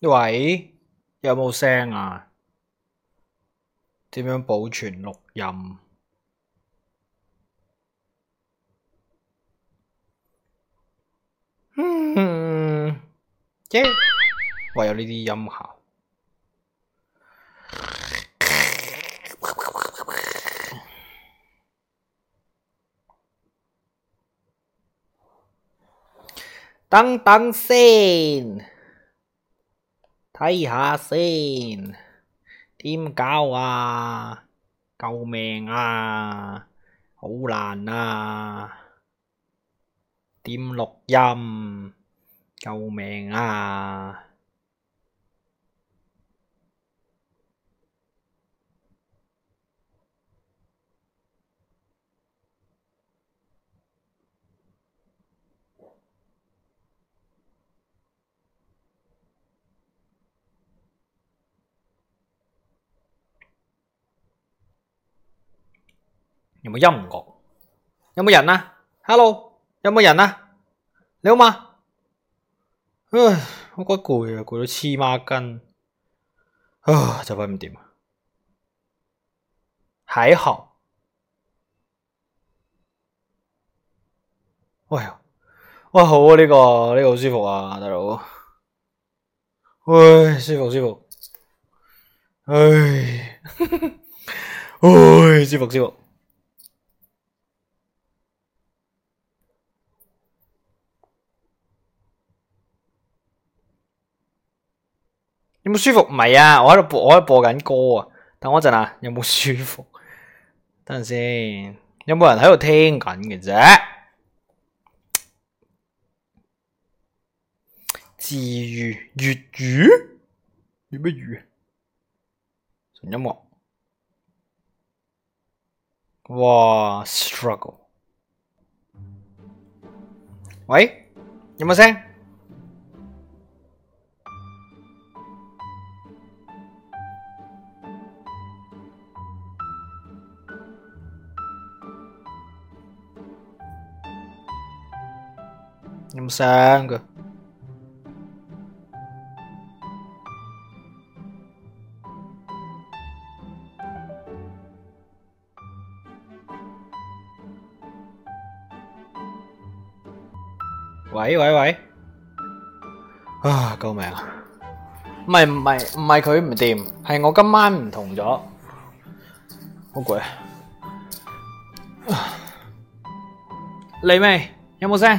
喂，有冇聲啊？點樣保存錄音？嗯，即係 Yeah，喂，有呢啲音效。等等先。睇下先，點搞啊？救命啊！好難啊！點錄音？救命啊！有冇音樂？有冇人啊？Hello，有冇人啊？你好嗎？唉，我覺得攰啊，攰到黐孖筋。唉不定唉唉啊，就快唔掂。點啊。還好。呀，哇好啊，呢個呢個好舒服啊大佬。唉，舒服舒服。唉， 唉舒服舒服唉舒服舒服有冇舒服？唔係啊，我喺度播，我喺度播緊歌啊。等我一陣啊，有冇舒服？等陣先，有冇人喺度聽緊嘅啫？至於粵語，粵乜語？純音樂？哇，struggle！喂，有冇聲？唔生噶，喂喂喂！啊，救命啊！唔係唔係唔係佢唔掂，係我今晚唔同咗，好攰。嚟未？有冇聲？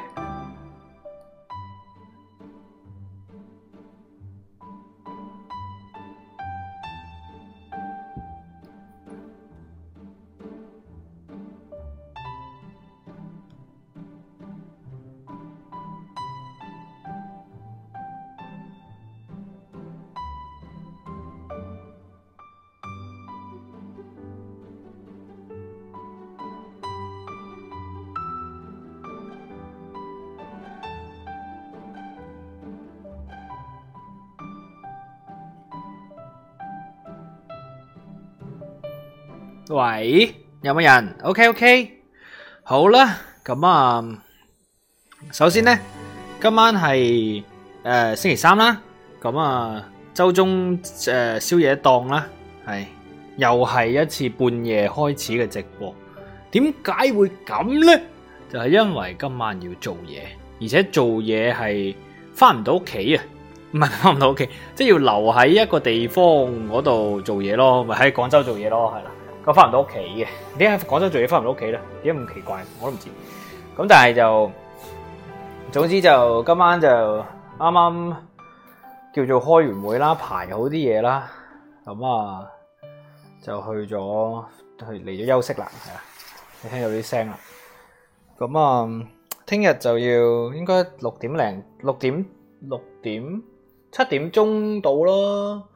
有冇人？OK OK，好啦，咁啊，首先咧，今晚係誒星期三啦，咁啊，周中誒宵夜檔啦，係又係一次半夜開始嘅直播。點解會咁咧？就係因為今晚要做嘢，而且做嘢係翻唔到屋企啊，唔係翻唔到屋企，即係要留喺一個地方嗰度做嘢咯，咪喺廣州做嘢咯，係啦。我翻唔到屋企嘅，點解喺廣州做嘢翻唔到屋企咧？點解咁奇怪？我都唔知。咁但係就，總之就今晚就啱啱叫做開完會啦，排好啲嘢啦。咁啊，就去咗去嚟咗休息啦。係啊，你聽到啲聲啦。咁啊，聽日就要應該六點零、六點、六點、七點鐘到咯。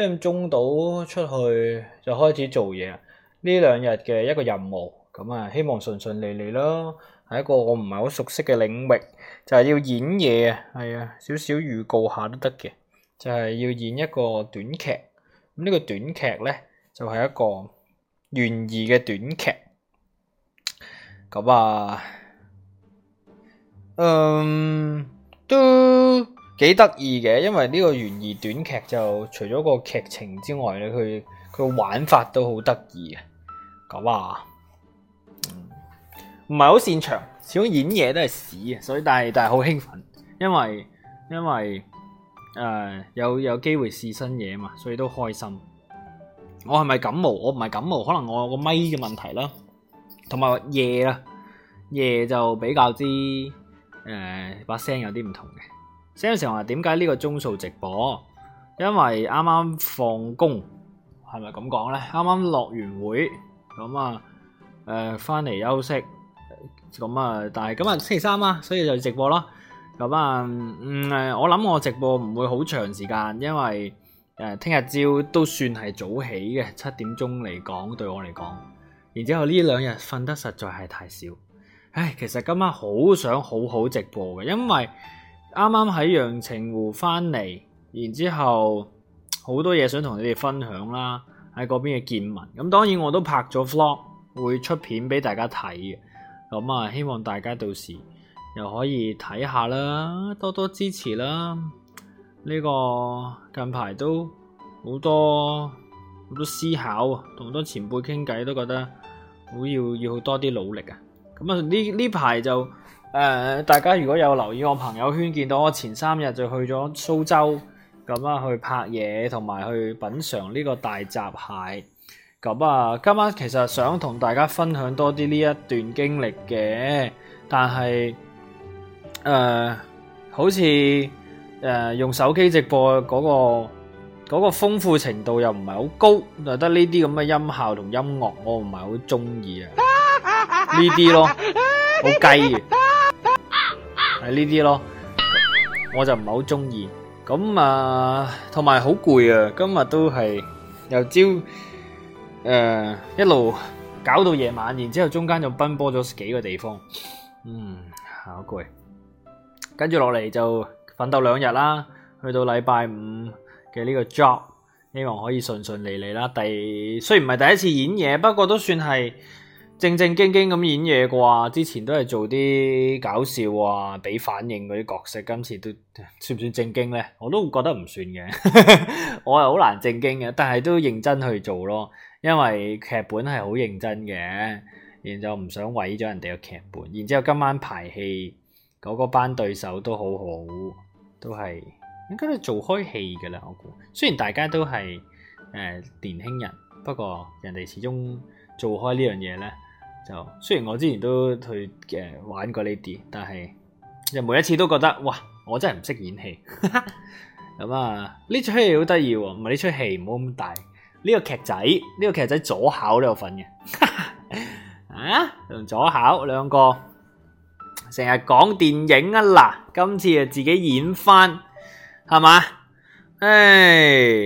即係中島出去就開始做嘢，呢兩日嘅一個任務，咁啊希望順順利利咯。係一個我唔係好熟悉嘅領域，就係要演嘢啊，係啊，少少預告下都得嘅，就係要演一個短劇。咁呢個短劇呢就係一個懸疑嘅短劇。咁啊，嗯，都。幾得意嘅，因為呢個懸疑短劇就除咗個劇情之外咧，佢佢玩法都好得意嘅。咁啊，唔係好擅長，始終演嘢都係屎啊，所以但係但係好興奮，因為因為誒、呃，有有機會試新嘢嘛，所以都開心。我係咪感冒？我唔係感冒，可能我有個咪嘅問題啦，同埋夜啦，夜就比較之誒把聲有啲唔同嘅。成日話點解呢個鐘數直播？因為啱啱放工，係咪咁講咧？啱啱落完會，咁啊，誒、呃，翻嚟休息，咁啊，但係今日星期三啊，所以就直播咯。咁啊，誒、嗯，我諗我直播唔會好長時間，因為誒，聽日朝都算係早起嘅，七點鐘嚟講對我嚟講。然之後呢兩日瞓得實在係太少，唉，其實今晚好想好好直播嘅，因為。啱啱喺陽澄湖翻嚟，然之後好多嘢想同你哋分享啦，喺嗰邊嘅見聞。咁當然我都拍咗 vlog，會出片俾大家睇嘅。咁啊，希望大家到時又可以睇下啦，多多支持啦。呢個近排都好多好多思考，同好多前輩傾偈都覺得好要要多啲努力啊。咁啊呢呢排就。誒、呃，大家如果有留意我朋友圈，見到我前三日就去咗蘇州，咁啊去拍嘢，同埋去品嘗呢個大閘蟹。咁啊，今晚其實想同大家分享多啲呢一段經歷嘅，但係誒、呃，好似誒、呃，用手機直播嗰、那個嗰、那個豐富程度又唔係好高，就得呢啲咁嘅音效同音樂，我唔係好中意啊，呢啲咯，好雞嘅。係呢啲咯，我就唔係好中意。咁啊，同埋好攰啊！今日都係由朝誒一路搞到夜晚，然之後中間又奔波咗幾個地方，嗯，好攰。跟住落嚟就奮鬥兩日啦，去到禮拜五嘅呢個 job，希望可以順順利利啦。第雖然唔係第一次演嘢，不過都算係。正正經經咁演嘢啩？之前都係做啲搞笑啊、畀反應嗰啲角色，今次都算唔算正經呢？我都覺得唔算嘅， 我係好難正經嘅，但係都認真去做咯，因為劇本係好認真嘅，然就唔想毀咗人哋個劇本。然之後今晚排戲嗰、那個班對手都好好，都係應該都做開戲噶啦。我估雖然大家都係誒、呃、年輕人，不過人哋始終做開呢樣嘢呢。雖然我之前都去誒玩過呢啲，但係又每一次都覺得哇，我真係唔識演戲咁啊！呢出戲好得意喎，唔係呢出戲唔好咁大。呢、這個劇仔，呢、這個劇仔左考都有份嘅 啊，用左考兩個成日講電影啊嗱，今次就自己演翻係嘛？唉，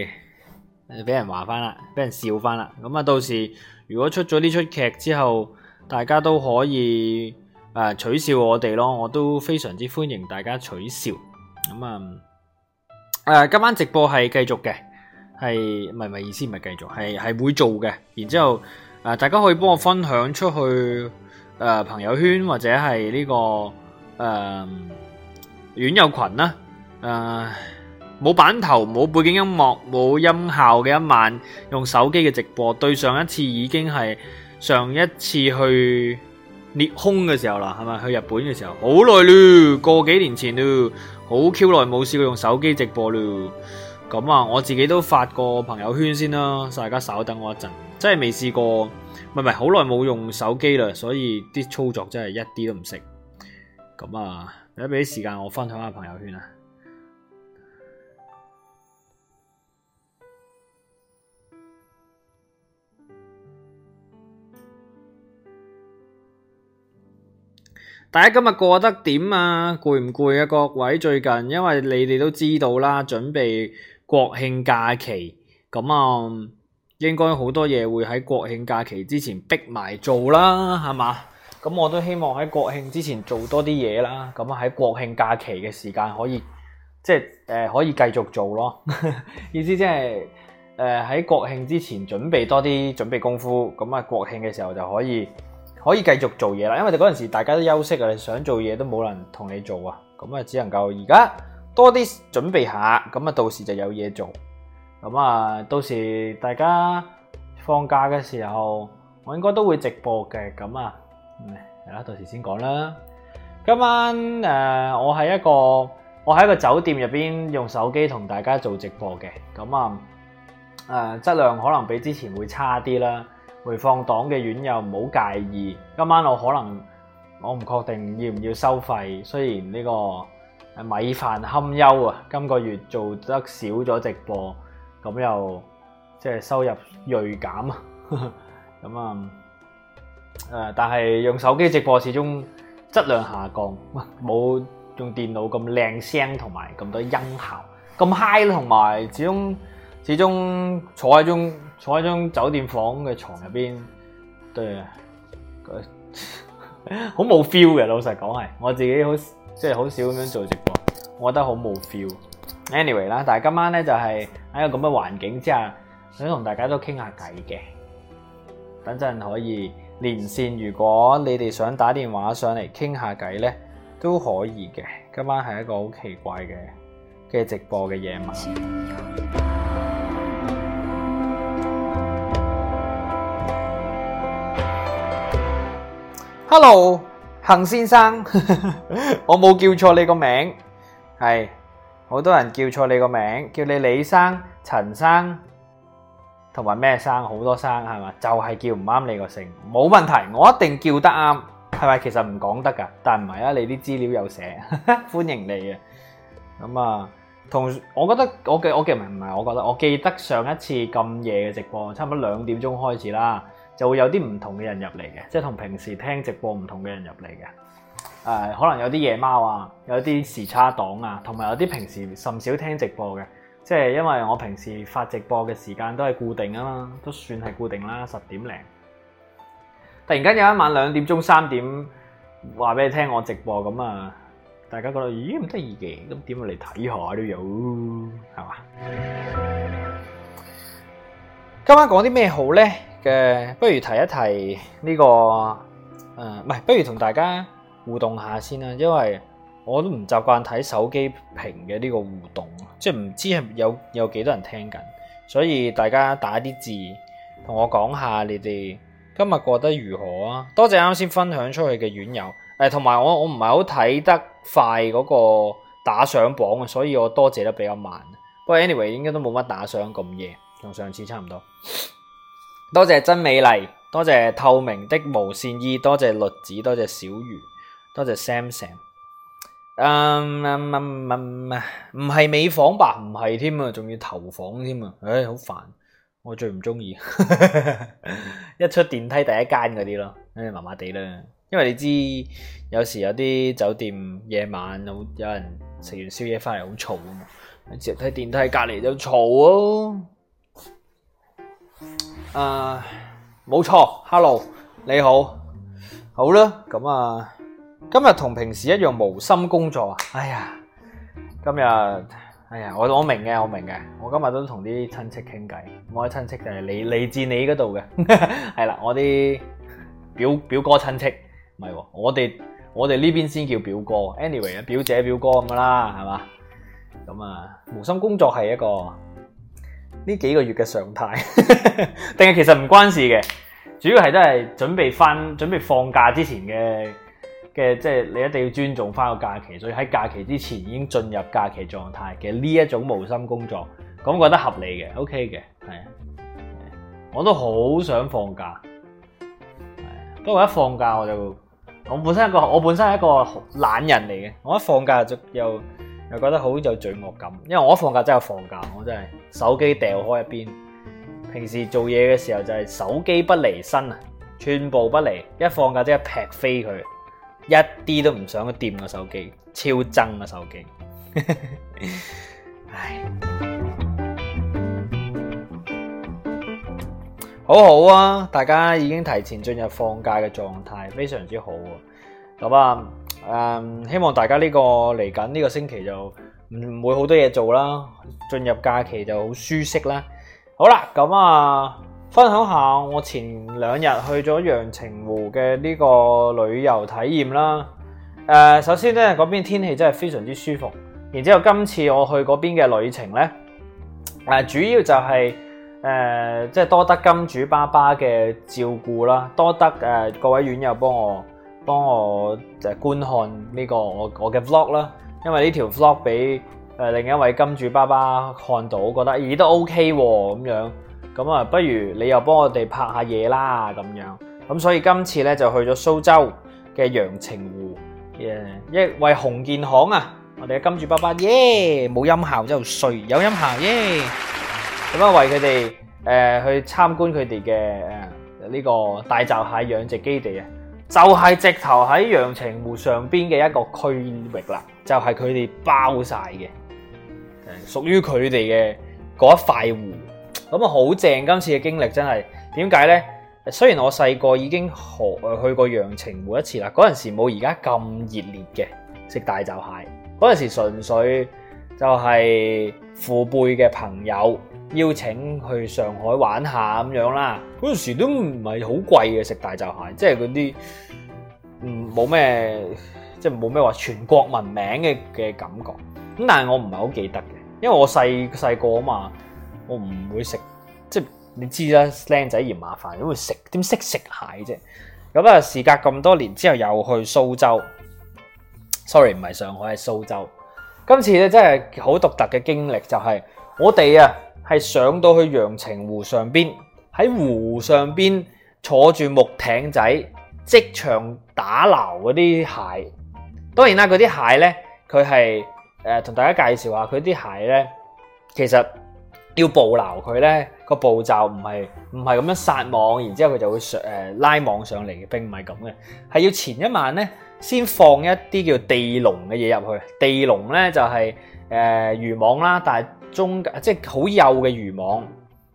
俾、哎、人話翻啦，俾人笑翻啦。咁、嗯、啊，到時如果出咗呢出劇之後。大家都可以、呃、取笑我哋咯，我都非常之歡迎大家取笑。咁、嗯、啊、呃、今晚直播係繼續嘅，係唔係意思唔係繼續，係係會做嘅。然之後、呃、大家可以幫我分享出去、呃、朋友圈或者係呢、呢個誒院、呃、友群啦、啊。冇、呃、版頭、冇背景音樂、冇音效嘅一晚，用手機嘅直播，對上一次已經係。上一次去捏空嘅時候啦，係咪去日本嘅時候？好耐啦，過幾年前啦，好 Q 耐冇試過用手機直播啦。咁啊，我自己都發個朋友圈先啦，大家稍等我一陣，真係未試過，唔係唔係好耐冇用手機啦，所以啲操作真係一啲都唔識。咁啊，你俾啲時間我分享下朋友圈啊。大家今日過得點啊？攰唔攰啊？各位最近，因為你哋都知道啦，準備國慶假期，咁啊，應該好多嘢會喺國慶假期之前逼埋做啦，係嘛？咁我都希望喺國慶之前做多啲嘢啦，咁啊喺國慶假期嘅時間可以，即係誒可以繼續做咯， 意思即係誒喺國慶之前準備多啲準備功夫，咁啊國慶嘅時候就可以。可以繼續做嘢啦，因為就嗰陣時大家都休息啊，你想做嘢都冇人同你做啊，咁啊只能夠而家多啲準備下，咁啊到時就有嘢做，咁啊到時大家放假嘅時候，我應該都會直播嘅，咁啊係啦，到時先講啦。今晚誒我喺一個我喺一個酒店入邊用手機同大家做直播嘅，咁啊誒質量可能比之前會差啲啦。回放黨嘅院友唔好介意，今晚我可能我唔確定要唔要收費。雖然呢個米飯堪憂啊，今個月做得少咗直播，咁又即係收入鋭減。咁啊誒，但係用手機直播始終質量下降，冇用電腦咁靚聲同埋咁多音效咁嗨，同埋始終始終坐喺中，坐喺張酒店房嘅床入邊，對，好冇 feel 嘅。老實講係，我自己好即係好少咁樣做直播，我覺得好冇 feel。Anyway 啦，但係今晚咧就係喺一個咁嘅環境之下，想同大家都傾下偈嘅。等陣可以連線，如果你哋想打電話上嚟傾下偈咧，都可以嘅。今晚係一個好奇怪嘅嘅直播嘅夜晚。hello，恒先生，我冇叫錯你個名，係好多人叫錯你個名，叫你李生、陳生同埋咩生，好多生係嘛，就係叫唔啱你個姓，冇問題，我一定叫得啱，係咪？其實唔講得噶，但唔係啊，你啲資料有寫，歡迎你啊。咁啊，同我覺得我記我記唔係唔係，我覺得我記得上一次咁夜嘅直播，差唔多兩點鐘開始啦。就會有啲唔同嘅人入嚟嘅，即係同平時聽直播唔同嘅人入嚟嘅。誒、呃，可能有啲夜貓啊，有啲時差黨啊，同埋有啲平時甚少聽直播嘅。即係因為我平時發直播嘅時間都係固定啊嘛，都算係固定啦，十點零。突然間有一晚兩點鐘三點話俾你聽我直播咁啊，大家覺得咦唔得意嘅，咁點會嚟睇下都有，係嘛？今晚講啲咩好咧？嘅，不如提一提呢個，誒，唔係，不如同大家互動下先啦，因為我都唔習慣睇手機屏嘅呢個互動，即係唔知有有幾多人聽緊，所以大家打啲字同我講下你哋今日過得如何啊？多謝啱先分享出去嘅院友，誒，同埋我我唔係好睇得快嗰個打賞榜啊，所以我多謝得比較慢。不過 anyway 應該都冇乜打賞咁夜，同上次差唔多。多謝真美麗，多謝透明的無線衣，多謝栗子，多謝小魚，多謝 Sam Sam。嗯嗯嗯嗯，唔係美房吧？唔係添啊，仲要頭房添啊，唉、哎，好煩，我最唔中意一出電梯第一間嗰啲咯，唉，麻麻地啦。因為你知有時有啲酒店夜晚有人食完宵夜翻嚟好嘈啊嘛，直睇電梯隔籬就嘈哦。誒，冇錯，uh，Hello，你好，好啦，咁啊，今日同平時一樣無心工作啊，哎呀，今日，哎呀，我我明嘅，我明嘅，我今日都同啲親戚傾偈，我啲親戚就係嚟嚟自你嗰度嘅，係啦， 我啲表表哥親戚，唔係，我哋我哋呢邊先叫表哥，anyway 啊，表姐表哥咁㗎啦，係嘛，咁啊，無心工作係一個。呢幾個月嘅常態，定 係其實唔關事嘅，主要係都係準備翻準備放假之前嘅嘅，即係、就是、你一定要尊重翻個假期，所以喺假期之前已經進入假期狀態嘅呢一種無心工作，咁覺得合理嘅，OK 嘅，係，我都好想放假，不過一放假我就，我本身係一個我本身係一個懶人嚟嘅，我一放假就又。又覺得好有罪惡感，因為我一放假真係放假，我真係手機掉開一邊。平時做嘢嘅時候就係手機不離身啊，寸步不離。一放假即刻劈飛佢，一啲都唔想掂個手機，超憎個手機。唉， 好好啊，大家已經提前進入放假嘅狀態，非常之好喎。咁啊。誒、嗯，希望大家呢、這個嚟緊呢個星期就唔會好多嘢做啦，進入假期就好舒適啦。好啦，咁啊，分享下我前兩日去咗陽澄湖嘅呢個旅遊體驗啦。誒、呃，首先呢，嗰邊天氣真係非常之舒服。然之後今次我去嗰邊嘅旅程呢，誒、呃，主要就係、是、誒，即、呃、係、就是、多得金主爸爸嘅照顧啦，多得誒、呃、各位院友幫我，幫我誒，觀看呢個我我嘅 vlog 啦，因為呢條 vlog 俾誒另一位金主爸爸看到，我覺得咦都 OK 喎、啊、咁樣，咁啊不如你又幫我哋拍下嘢啦咁樣，咁所以今次咧就去咗蘇州嘅陽澄湖，耶！一位紅建行啊，我哋嘅金主爸爸耶，冇、yeah, 音效就衰，有音效耶，咁、yeah. 啊為佢哋誒去參觀佢哋嘅誒呢個大閘蟹養殖基地啊！就係直頭喺陽澄湖上邊嘅一個區域啦，就係佢哋包晒嘅，誒，屬於佢哋嘅嗰一塊湖，咁啊好正！今次嘅經歷真係點解呢？雖然我細個已經去去過陽澄湖一次啦，嗰陣時冇而家咁熱烈嘅食大閘蟹，嗰陣時純粹就係、是。父輩嘅朋友邀請去上海玩下咁樣啦，嗰陣時都唔係好貴嘅食大閘蟹，即係嗰啲唔冇咩，即係冇咩話全國聞名嘅嘅感覺。咁但係我唔係好記得嘅，因為我細細個啊嘛，我唔會食，即係你知啦，靚仔嫌麻煩，點會食？點識食蟹啫？咁啊，時隔咁多年之後又去蘇州，sorry 唔係上海，係蘇州。今次咧真係好獨特嘅經歷就係、是、我哋啊係上到去陽澄湖上邊，喺湖上邊坐住木艇仔，即場打撈嗰啲蟹。當然啦，嗰啲蟹咧佢係誒同大家介紹話，佢啲蟹咧其實要捕撈佢咧個步驟唔係唔係咁樣撒網，然之後佢就會上誒、呃、拉網上嚟嘅，並唔係咁嘅，係要前一晚咧。先放一啲叫地籠嘅嘢入去，地籠咧就係、是、誒、呃、魚網啦，但係中即係好幼嘅漁網，誒、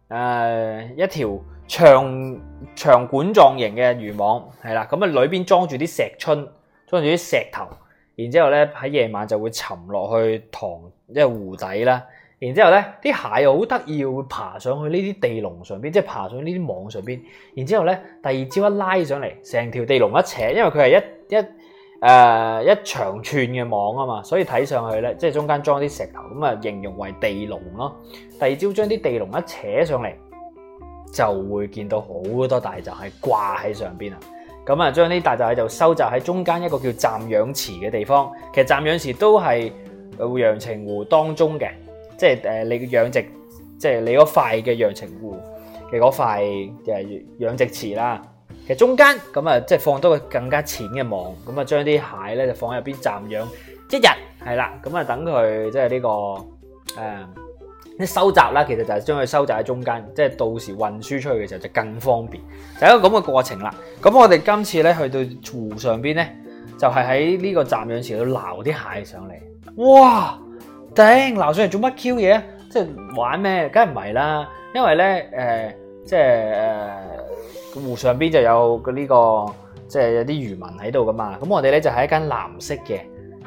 嗯呃、一條長長管狀型嘅漁網，係啦，咁啊裏邊裝住啲石春，裝住啲石頭，然之後咧喺夜晚就會沉落去塘即係湖底啦，然之後咧啲蟹又好得意，會爬上去呢啲地籠上邊，即係爬上呢啲網上邊，然之後咧第二朝一拉上嚟，成條地籠一扯，因為佢係一一。一誒、呃、一長串嘅網啊嘛，所以睇上去咧，即係中間裝啲石頭，咁啊形容為地籠咯。第二朝將啲地籠一扯上嚟，就會見到好多大閘蟹掛喺上邊啊。咁啊，將呢啲大閘蟹就收集喺中間一個叫暫養池嘅地方。其實暫養池都係陽澄湖當中嘅，即係你嘅養殖，即、就、係、是、你嗰塊嘅陽澄湖嘅嗰塊嘅養殖池啦。其實中間咁啊，即係放多個更加淺嘅網，咁啊將啲蟹咧就放喺入邊暫養一日，係啦，咁啊等佢即係呢、這個誒、呢、呃、收集啦，其實就係將佢收集喺中間，即係到時運輸出去嘅時候就更方便，就係一個咁嘅過程啦。咁我哋今次咧去到湖上邊咧，就係喺呢個暫養池度撈啲蟹上嚟。哇！頂，撈上嚟做乜 Q 嘢？即係玩咩？梗係唔係啦，因為咧誒、呃、即係誒。呃湖上邊就有呢個，即係有啲漁民喺度噶嘛。咁我哋呢就喺一間藍色嘅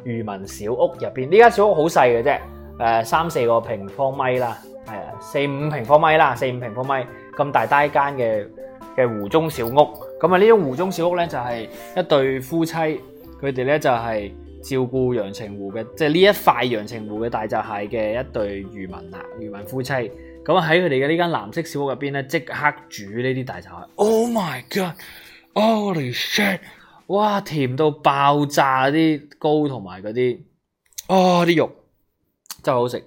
漁民小屋入邊。呢間小屋好細嘅啫，誒三四個平方米啦，係啊四五平方米啦，四五平方米咁大單間嘅嘅湖中小屋。咁啊呢種湖中小屋呢，就係一對夫妻，佢哋呢就係照顧陽澄湖嘅，即係呢一塊陽澄湖嘅大閘蟹嘅一對漁民啊，漁民夫妻。咁啊，喺佢哋嘅呢間藍色小屋入邊咧，即刻煮呢啲大炒。Oh my god！Oh shit！哇，甜到爆炸啲糕同埋嗰啲，啊、哦、啲肉真係好食。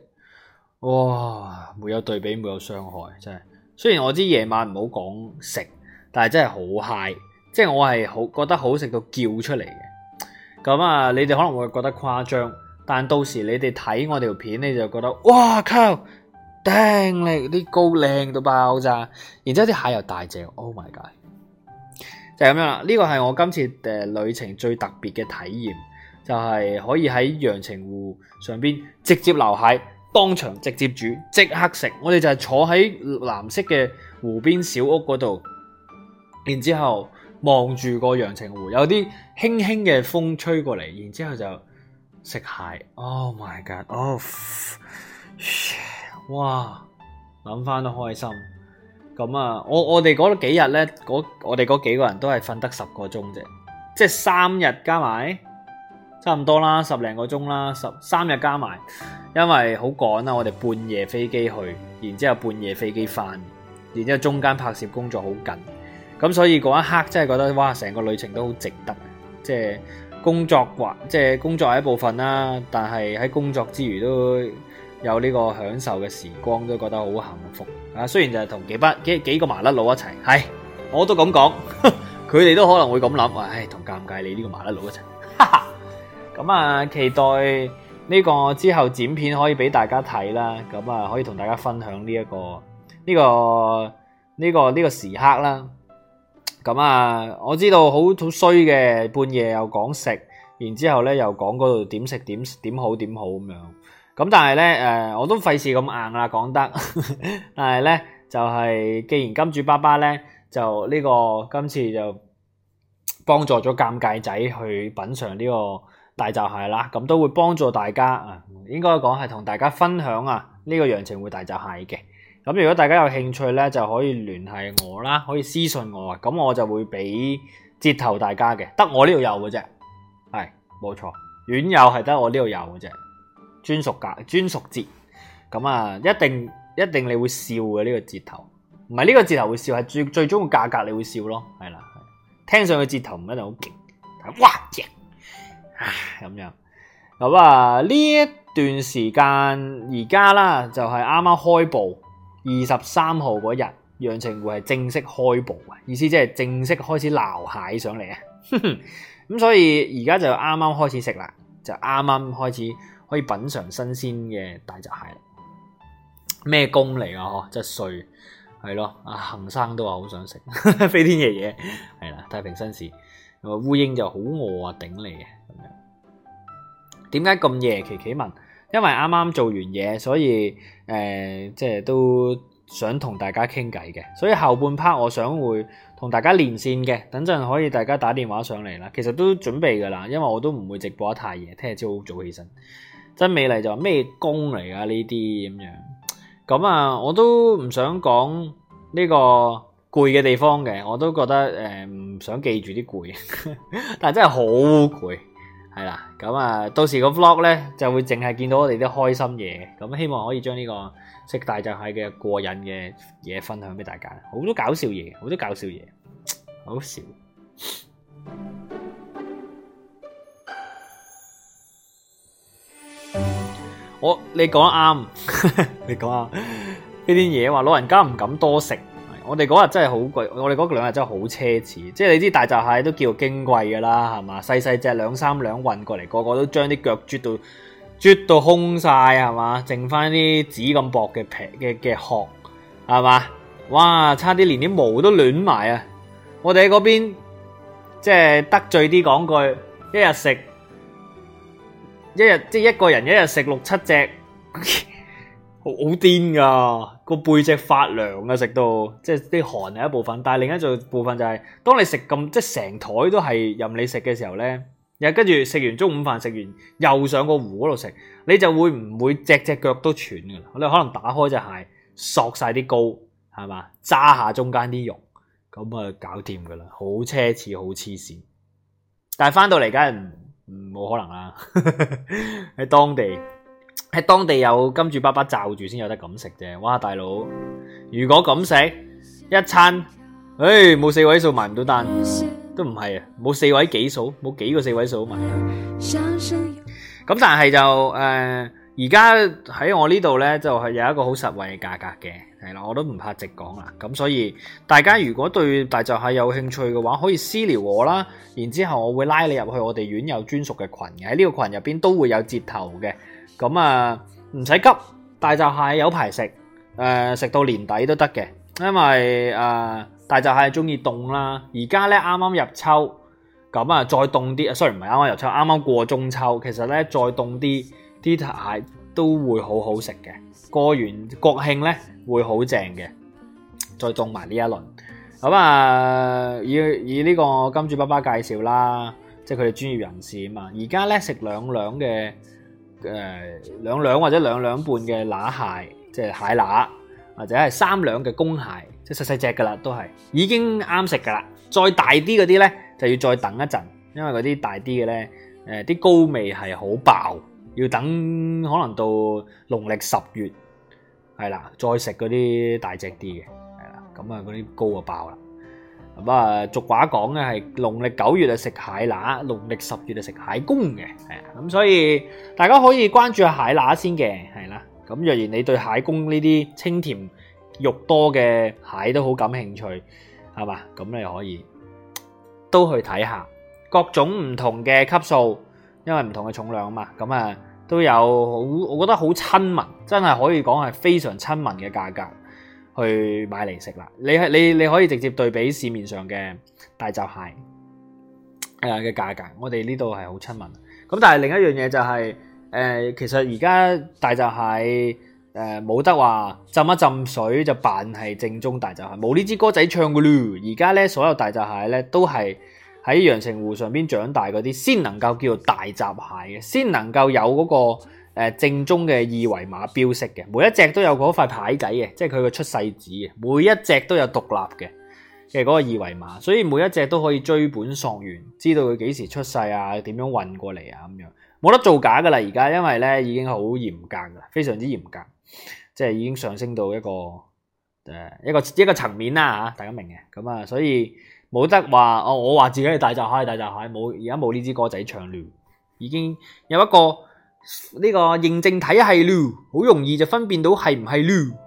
哇、哦，沒有對比，沒有傷害，真係。雖然我知夜晚唔好講食，但係真係好嗨，即係我係好覺得好食到叫出嚟嘅。咁啊，你哋可能會覺得誇張，但到時你哋睇我條片，你就覺得哇靠！掟你啲高靚到爆炸，然之後啲蟹又大隻，Oh my god！就係咁樣啦，呢個係我今次誒旅程最特別嘅體驗，就係可以喺陽澄湖上邊直接留蟹，當場直接煮，即刻食。我哋就係坐喺藍色嘅湖邊小屋嗰度，然之後望住個陽澄湖，有啲輕輕嘅風吹過嚟，然之後就食蟹。Oh my god！Oh！哇，諗翻都開心。咁啊，我我哋嗰幾日咧，我哋嗰幾，幾個人都係瞓得十個鐘啫，即係三日加埋，差唔多啦，十零個鐘啦，十三日加埋，因為好趕啊，我哋半夜飛機去，然之後半夜飛機翻，然之後中間拍攝工作好緊，咁所以嗰一刻真係覺得哇，成個旅程都好值得。即係工作，即係工作係一部分啦，但係喺工作之餘都。有呢個享受嘅時光，都覺得好幸福啊！雖然就係同幾班幾幾個麻甩佬一齊，係、哎、我都咁講，佢哋都可能會咁諗，唉、哎，同尷尬你呢個麻甩佬一齊，哈哈！咁啊，期待呢個之後剪片可以俾大家睇啦，咁啊，可以同大家分享呢、這、一個呢、這個呢、這個呢、這個時刻啦。咁啊，我知道好好衰嘅，半夜又講食，然之後呢又講嗰度點食點點好點好咁樣。咁但係咧，誒、呃，我都費事咁硬啦講得，呵呵但係咧就係、是，既然金主爸爸咧，就呢、這個今次就幫助咗尷尬仔去品嚐呢個大閘蟹啦，咁都會幫助大家啊，應該講係同大家分享啊呢、這個陽澄湖大閘蟹嘅。咁如果大家有興趣咧，就可以聯繫我啦，可以私信我，咁我就會俾折頭大家嘅，得我呢度有嘅啫，係冇錯，院友係得我呢度有嘅啫。專屬價專屬折，咁啊一定一定你會笑嘅呢、這個折頭，唔係呢個折頭會笑，係最最終嘅價格你會笑咯，係啦，聽上去折頭唔一定好勁，哇嘅，咁、yeah, 樣，咁啊呢一段時間而家啦，就係啱啱開埠，二十三號嗰日，陽澄湖係正式開埠啊，意思即係正式開始撈蟹上嚟啊，咁所以而家就啱啱開始食啦，就啱啱開始。可以品嘗新鮮嘅大閘蟹咩功嚟啊？嗬，即係稅係咯。阿恒生都話好想食飛 天嘅嘢，係啦。太平紳士，烏蠅就好餓啊，頂你嘅咁樣。點解咁夜？琪琪問，因為啱啱做完嘢，所以誒、呃，即係都想同大家傾偈嘅。所以後半 part 我想會同大家連線嘅，等陣可以大家打電話上嚟啦。其實都準備噶啦，因為我都唔會直播得太夜，聽日朝早起身。真美麗就話咩工嚟噶呢啲咁樣，咁啊我都唔想講呢個攰嘅地方嘅，我都覺得誒唔、呃、想記住啲攰，但係真係好攰，係啦，咁啊到時個 Vlog 咧就會淨係見到我哋啲開心嘢，咁希望可以將呢個食大閘蟹嘅過癮嘅嘢分享俾大家，好多搞笑嘢，好多搞笑嘢，好笑。我你講得啱，你講啊呢啲嘢，話老人家唔敢多食。我哋嗰日真係好貴，我哋嗰兩日真係好奢侈。即係你知道大閘蟹都叫矜貴噶啦，係嘛？細細隻兩三兩運過嚟，個個都將啲腳啜到啜到空晒，係嘛？剩翻啲紙咁薄嘅皮嘅嘅殼，係嘛？哇！差啲連啲毛都亂埋啊！我哋喺嗰邊即係得罪啲講句，一日食，一日即一個人一日食六七隻，好癲噶，個背脊發涼啊！食到即係啲寒係一部分，但係另一部分就係、是，當你食咁即成台都係任你食嘅時候咧，又跟住食完中午飯，食完又上個湖嗰度食，你就會唔會隻隻腳都攰噶啦？你可能打開隻鞋，索晒啲膏係嘛，揸下中間啲肉，咁啊搞掂噶啦，好奢侈，好黐線。但係翻到嚟梗係冇可能啦！喺當地喺當地有金主爸爸罩住先有得咁食啫。哇，大佬，如果咁食一餐，誒、哎，冇四位數埋唔到單，都唔係啊，冇四位幾數，冇幾個四位數埋。咁但係就誒，而家喺我呢度咧，就係、是、有一個好實惠嘅價格嘅。係啦，我都唔怕直講啦。咁所以大家如果對大閘蟹有興趣嘅話，可以私聊我啦。然之後我會拉你入去我哋院友專屬嘅群嘅。喺呢個群入邊都會有折頭嘅。咁啊，唔使急，大閘蟹有排食，誒、呃、食到年底都得嘅。因為誒、呃、大閘蟹中意凍啦。而家咧啱啱入秋，咁啊再凍啲啊 sorry 唔係啱啱入秋，啱啱過中秋。其實咧再凍啲啲蟹都會好好食嘅。過完國慶咧，會好正嘅，再種埋呢一輪。咁、嗯、啊，以以呢個金主爸爸介紹啦，即係佢哋專業人士啊嘛。而家咧食兩兩嘅，誒，兩、呃、兩或者兩兩半嘅乸蟹，即係蟹乸，或者係三兩嘅公蟹，即係細細隻噶啦，都係已經啱食噶啦。再大啲嗰啲咧，就要再等一陣，因為嗰啲大啲嘅咧，誒、呃，啲膏味係好爆，要等可能到農曆十月。係啦，再食嗰啲大隻啲嘅，係啦，咁啊嗰啲膏啊爆啦，咁啊俗話講咧係農曆九月就食蟹乸，農曆十月就食蟹公嘅，係啊，咁所以大家可以關注蟹乸先嘅，係啦，咁若然你對蟹公呢啲清甜肉多嘅蟹都好感興趣，係嘛，咁你可以都去睇下各種唔同嘅級數，因為唔同嘅重量啊嘛，咁啊。都有好，我覺得好親民，真係可以講係非常親民嘅價格去買嚟食啦。你你你可以直接對比市面上嘅大閘蟹嘅價格，我哋呢度係好親民。咁但係另一樣嘢就係、是呃、其實而家大閘蟹冇得話浸一浸水就扮係正宗大閘蟹，冇呢支歌仔唱㗎。啦。而家咧所有大閘蟹咧都係。喺陽澄湖上邊長大嗰啲，先能夠叫做大閘蟹嘅，先能夠有嗰個誒正宗嘅二維碼標識嘅，每一隻都有嗰塊牌仔嘅，即係佢嘅出世紙嘅，每一隻都有獨立嘅嘅嗰個二維碼，所以每一隻都可以追本溯源，知道佢幾時出世啊，點樣運過嚟啊咁樣，冇得造假噶啦，而家因為咧已經好嚴格噶啦，非常之嚴格，即係已經上升到一個誒一個一個，一個層面啦嚇，大家明嘅，咁啊，所以。冇得話哦，我話自己係大閘蟹，大閘蟹冇，而家冇呢支歌仔唱了，已經有一個呢個認證體系了，好容易就分辨到係唔係了。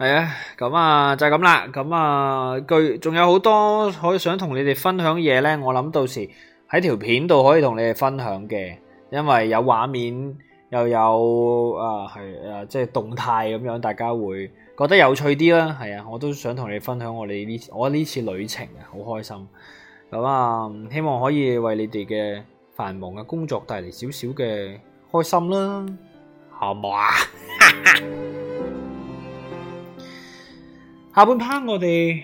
係啊，咁啊就係咁啦，咁啊，佢仲有好多可以想同你哋分享嘢咧，我諗到時喺條片度可以同你哋分享嘅，因為有畫面。又有啊，係啊，即係動態咁樣，大家會覺得有趣啲啦。係啊，我都想同你分享我哋呢，我呢次旅程啊，好開心。咁啊，希望可以為你哋嘅繁忙嘅工作帶嚟少少嘅開心啦，係嘛？下半 part 我哋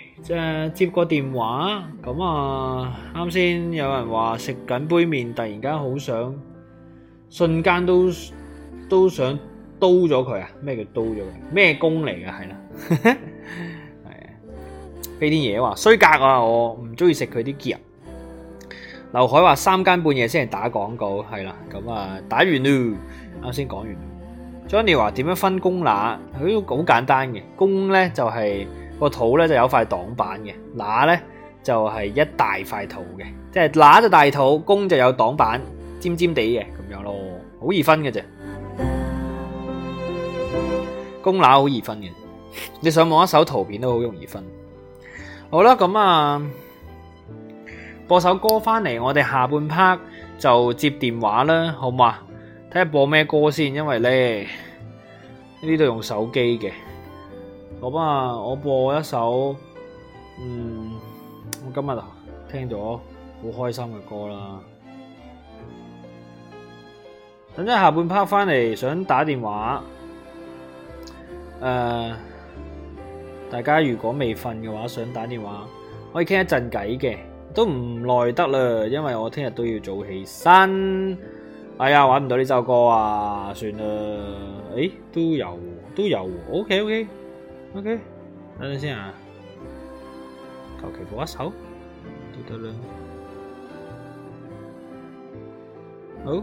即接個電話，咁啊，啱先有人話食緊杯麵，突然間好想。瞬間都都想刀咗佢啊！咩叫刀咗佢？咩公嚟噶？係啦 的，係啊！飛天爺話衰格啊！我唔中意食佢啲夾。劉海話三更半夜先嚟打廣告，係啦。咁、嗯、啊，打完啦，啱先講完。Johnny 話點樣分工乸？佢都好簡單嘅，公咧就係個肚咧就有塊擋板嘅，乸咧就係、是、一大塊肚嘅，即係乸就是、是大肚，公就有擋板。尖尖地嘅咁樣咯，好易分嘅啫，公乸好易分嘅，你上網一搜圖片都好容易分好。好啦，咁啊，播首歌翻嚟，我哋下半 part 就接電話啦，好嘛？睇下播咩歌先，因為咧呢度用手機嘅，咁啊，我播一首，嗯，我今日聽咗好開心嘅歌啦。等咗下，下半 part 翻嚟，想打電話誒、呃，大家如果未瞓嘅話，想打電話可以傾一陣偈嘅，都唔耐得啦，因為我聽日都要早起身。哎呀，玩唔到呢首歌啊，算啦。誒，都有，都有，OK OK OK，等陣先啊，求其搏一手，得啦，好。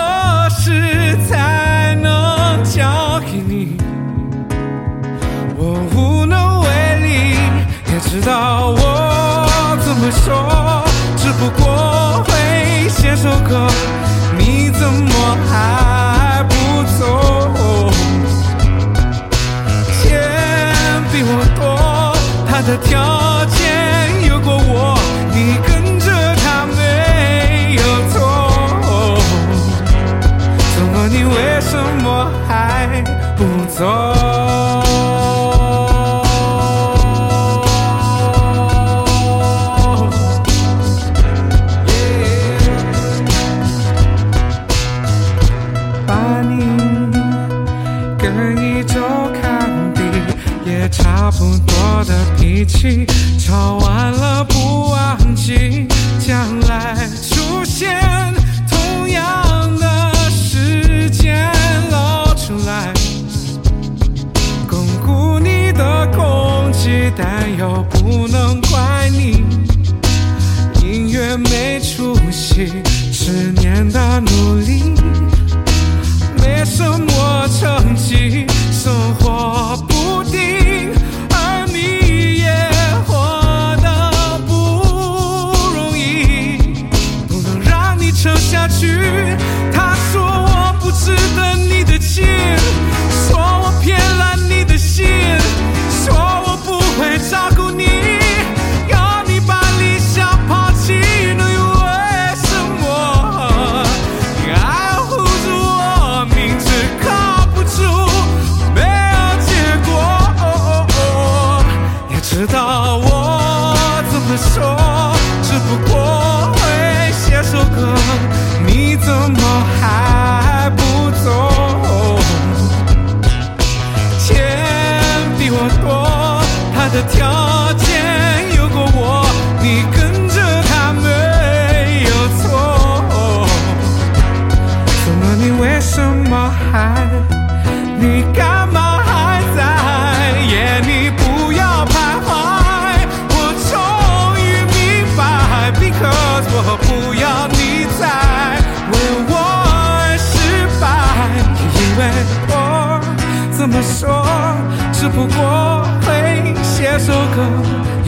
七十年的努力。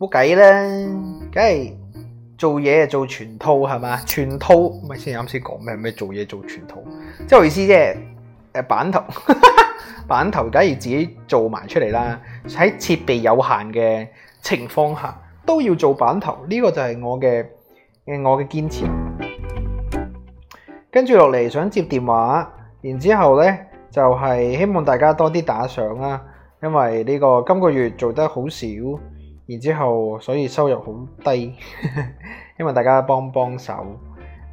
冇計啦，梗係做嘢就做全套係嘛，全套咪先啱先講咩咩，做嘢做全套，即係意思即係誒板頭板頭梗係自己做埋出嚟啦，喺設備有限嘅情況下都要做板頭，呢、這個就係我嘅誒我嘅堅持。跟住落嚟想接電話，然之後呢就係、是、希望大家多啲打賞啦，因為呢、這個今、這個月做得好少。然之後，所以收入好低，希 望大家幫幫手。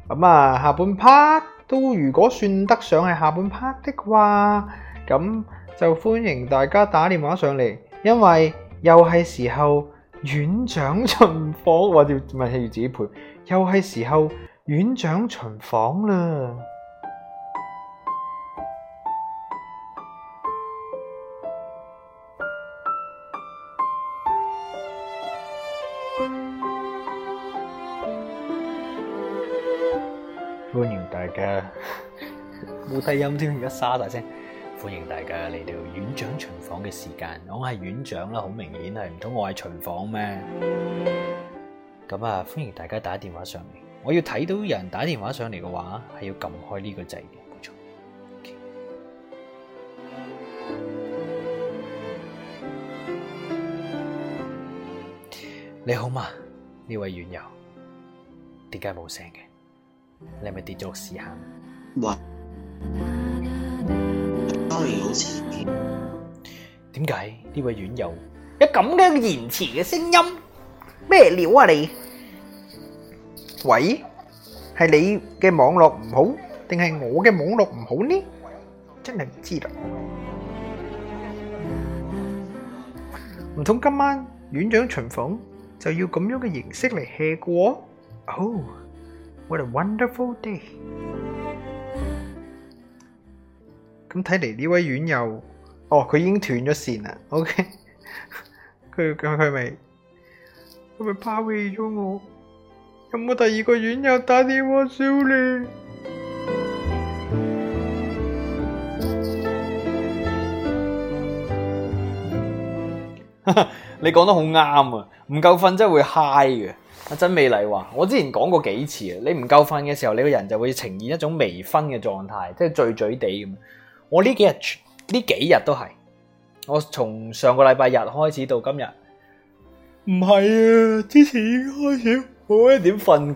咁啊，下半 part 都如果算得上係下半 part 的話，咁就歡迎大家打電話上嚟，因為又係時候院長巡房，或者咪要自己陪，又係時候院長巡房啦。歡迎大家，冇低音添，而家沙大聲。歡迎大家嚟到院長巡房嘅時間，我係院長啦，好明顯係，唔通我係巡房咩？咁啊，歡迎大家打電話上嚟，我要睇到有人打電話上嚟嘅話，係要撳開呢個掣嘅，冇錯。Okay. 你好嘛？呢位院友，點解冇聲嘅？你係咪跌咗試下？喂，當然好似點解呢位院友有咁樣嘅言辭嘅聲音？咩料啊你？喂，係你嘅網絡唔好定係我嘅網絡唔好呢？真係唔知道。唔通今晚院長巡訪就要咁樣嘅形式嚟 hea 過？好。What a wonderful day！咁睇嚟呢位院友，哦，佢已經斷咗線啦。OK，佢，佢係咪，佢咪拋棄咗我。有冇第二個院友打電話笑你？你講得好啱啊！唔夠瞓真係會 high 嘅。阿真美麗話，我之前講過幾次啊，你唔夠瞓嘅時候，你個人就會呈現一種微醺嘅狀態，即係醉醉地咁。我呢幾日，呢幾日都係，我從上個禮拜日開始到今日，唔係啊，之前已經開始冇一點瞓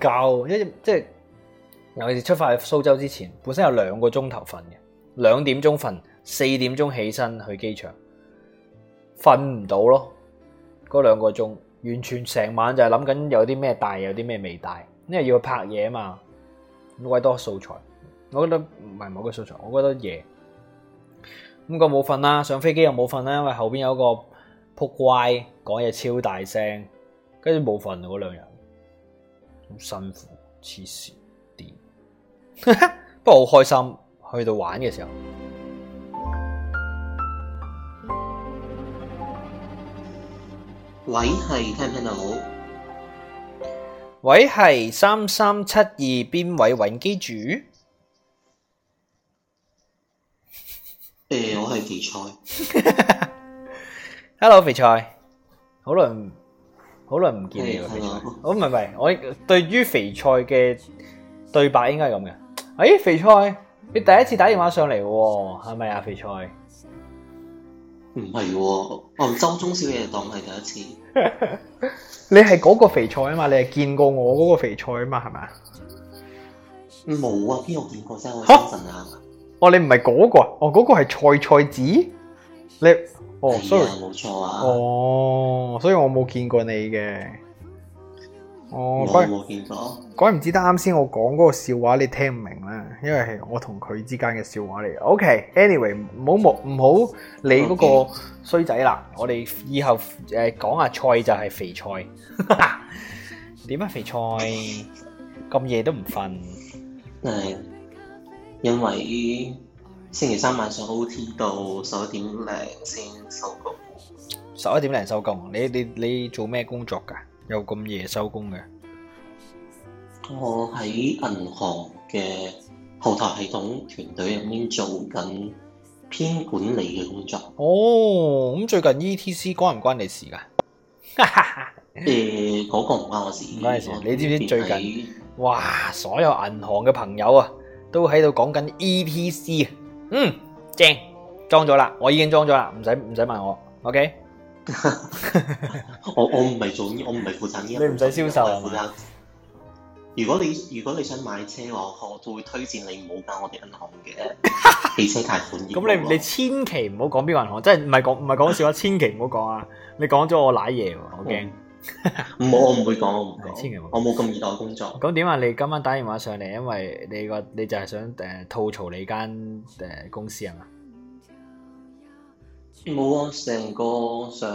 覺，一即係尤其是出發去蘇州之前，本身有兩個鐘頭瞓嘅，兩點鐘瞓，四點鐘起身去機場，瞓唔到咯，嗰兩個鐘。完全成晚就係諗緊有啲咩帶，有啲咩未帶，因為要去拍嘢啊嘛，咁鬼多素材，我覺得唔係冇鬼素材，我覺得嘢。咁個冇瞓啦，上飛機又冇瞓啦，因為後邊有個扑乖講嘢超大聲，跟住冇瞓嗰兩日，好辛苦，黐線癲。 不過好開心，去到玩嘅時候。喂，係聽唔聽到？喂，係三三七二邊位揾機主？誒，我係肥菜。Hello，肥菜，好耐，好耐唔見你啦，肥菜。哦，唔係唔係，我對於肥菜嘅對白應該係咁嘅。誒，肥菜，你第一次打電話上嚟喎，係咪啊，肥菜？唔係，杭州、啊、中小夜檔係第一次。 你係嗰個肥菜啊嘛？你係見過我嗰個肥菜啊嘛？係咪？冇啊，邊個見過真係啊，啊！哦，你唔係嗰個啊？哦，嗰、嗰個係菜菜子。你哦，的所以冇錯啊。哦，所以我冇見過你嘅。哦，有然我唔知得啱先我講嗰個笑話你聽唔明啦，因為係我同佢之間嘅笑話嚟。OK，anyway，OK，冇冇唔好理嗰個衰仔啦，Okay. 我哋以後誒、呃、講下菜就係肥菜，點 啊肥菜，咁夜都唔瞓，係、嗯、因為星期三晚上 OT 到，十一點零先收工，十一點零收工，你你你做咩工作㗎？又咁夜收工嘅？的我喺銀行嘅後台系統團隊入面做緊偏管理嘅工作。哦，咁最近 E T C 關唔關你事噶？誒、 呃，嗰、那個唔關我事，唔關你事。你知唔知最近？在哇，所有銀行嘅朋友啊，都喺度講緊 E T C。嗯，正裝咗啦，我已經裝咗啦，唔使唔使問我，OK。 我我唔係做，我唔係負責呢一，你不用。你唔使銷售。啊、如果你如果你想買車，我我會推薦你唔好加我哋銀行嘅汽車貸款。咁 你你千祈唔好講邊個銀行，即係唔係講唔係講笑啊！ 千祈唔好講啊！你講咗我瀨嘢，我驚。唔好、嗯， 我唔會講，我唔會。千祈唔好，我冇咁易打工作。咁點啊？你今晚打電話上嚟，因為你個你就係想誒吐槽你間誒公司係嘛？冇啊，成個想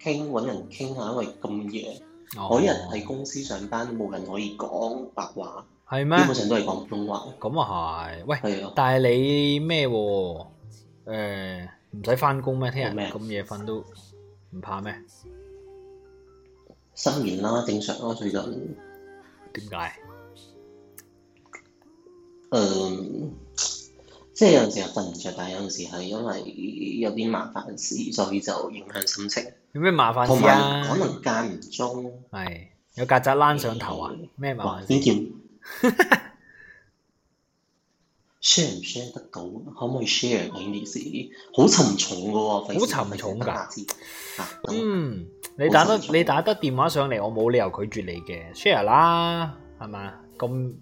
傾揾人傾下，因為咁夜，oh. 我啲人喺公司上班冇人可以講白話，係咩嗎？基本上都係講普通話。咁啊係，喂，的但係你咩喎？誒、呃，唔使翻工咩？聽日咩？咁夜瞓都唔怕咩？失眠啦，正常啦，最近。點解？嗯。即係有陣時又瞓唔着，但係有陣時係因為有啲麻煩事，所以就影響心情。有咩麻，麻煩事啊？同埋可能間唔中係有曱甴躝上頭啊？咩麻煩事？share 唔 share 得到？可唔可以 share？我意思好沉重噶喎，好沉重㗎。嗯，你打得你打得電話上嚟，我冇理由拒絕你嘅 share 啦，係嘛？咁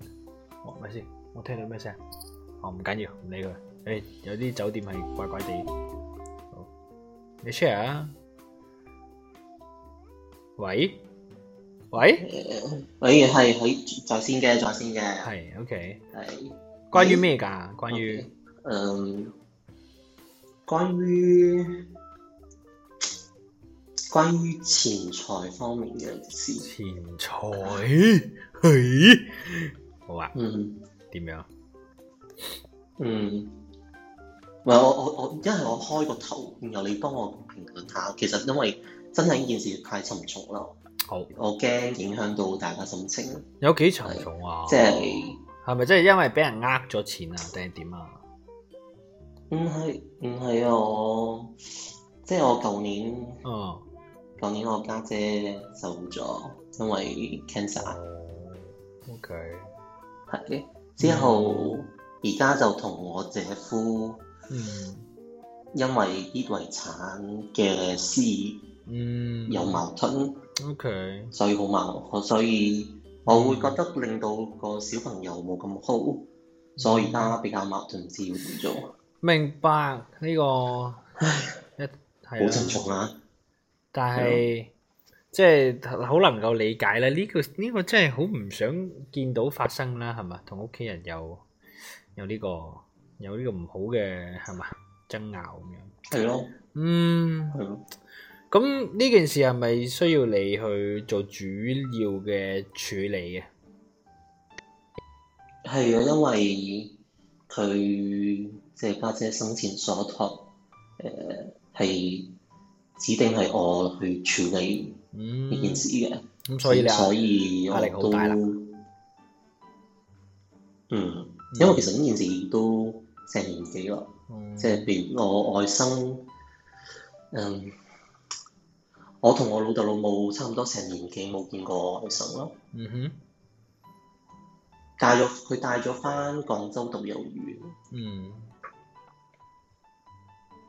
我咪先，我聽到咩聲？哦，唔緊要，唔理佢。誒、欸，有啲酒店係怪怪地。好，你 share 啊？喂？喂？喂、呃，係喺在線嘅，在線嘅。係，OK。係。關於咩噶？Okay, 關於，嗯，關於關於錢財方面嘅事。錢財？係，好啊。嗯。點樣？嗯，唔係我我我，一係我開個頭，然後你幫我評論一下。其實因為真係呢件事太沉重啦，好，我驚影響到大家心情。有幾沉重啊？即係係咪即係因為俾人呃咗錢啊？定係點啊？唔係唔係啊！係嗯、係我即係我舊年啊，舊年，嗯，我家姐走咗，因為 cancer。OK，係之後。嗯而家就同我姐夫，因為啲遺產嘅事有矛盾，所以好矛盾，所以我會覺得令到個小朋友冇咁好，所以而家比較矛盾，唔知要點做。明白呢個，唉，好沉重啊！但係即係好能夠理解啦。呢個呢個真係好唔想見到發生啦，係咪？同屋企人又。有呢、呢個，有呢個唔好嘅，係咪爭拗咁樣？係咯，嗯，係咯。咁呢件事係咪需要你去做主要嘅處理啊？係啊，因為佢即係家姐生前所託，誒、呃、係指定係我去處理呢件事嘅。咁、嗯、所以你可以，壓力好大啦。嗯。因為其實呢件事都成年幾咯，嗯、即係連我外甥，嗯，我同我老豆老母差唔多成年幾冇見過外甥咯。嗯哼，帶咗佢帶咗翻廣州讀幼兒園。嗯，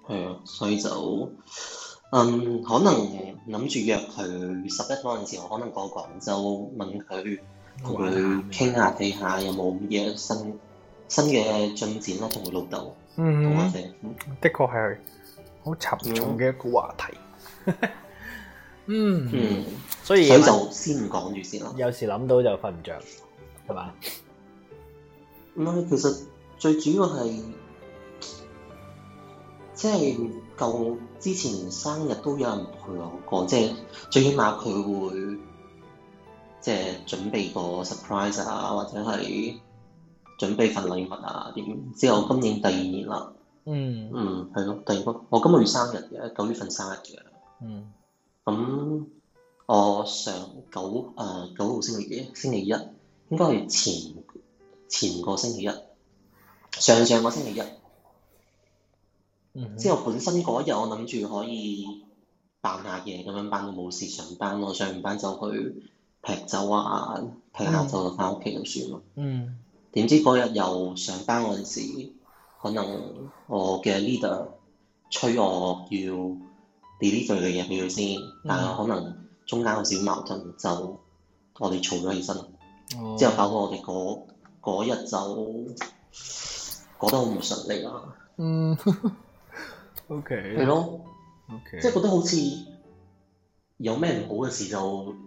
係啊，所以就，嗯，可能諗住約佢十一嗰陣時，我可能過廣州問佢，同佢傾下睇下、嗯、有冇咩新新嘅進展咧，同、嗯、我老豆，同我哋，的確係好沉重嘅一個話題。嗯嗯，所以就先唔講住先啦。有時諗到就瞓唔着，係嘛？咁、嗯、其實最主要係，即係舊之前生日都有人陪我過，即係最起碼佢會，即係準備個 surprise 啊，或者係。準備份禮物啊！點之後今年第二年啦，嗯嗯，係咯、嗯，第二個我今個月生日嘅九月份生日嘅，嗯，咁我上九誒、呃、九號星期一星期一應該係前前個星期一，上上個星期一，嗯哼，之後本身嗰日我諗住可以辦下嘢，咁樣辦到冇事上班咯，我上完班就去劈酒啊，劈下酒,、啊嗯、酒就翻屋企就算咯，嗯。點知嗰日又上班嗰陣時，可能我嘅 leader 催我要 delete 佢嘅嘢畀佢先，但可能中間有少矛盾，就我哋嘈咗起身，之後包括我哋嗰日就覺得好唔順利啊。嗯 的，OK，係咯，即係覺得好似有咩唔好嘅事就～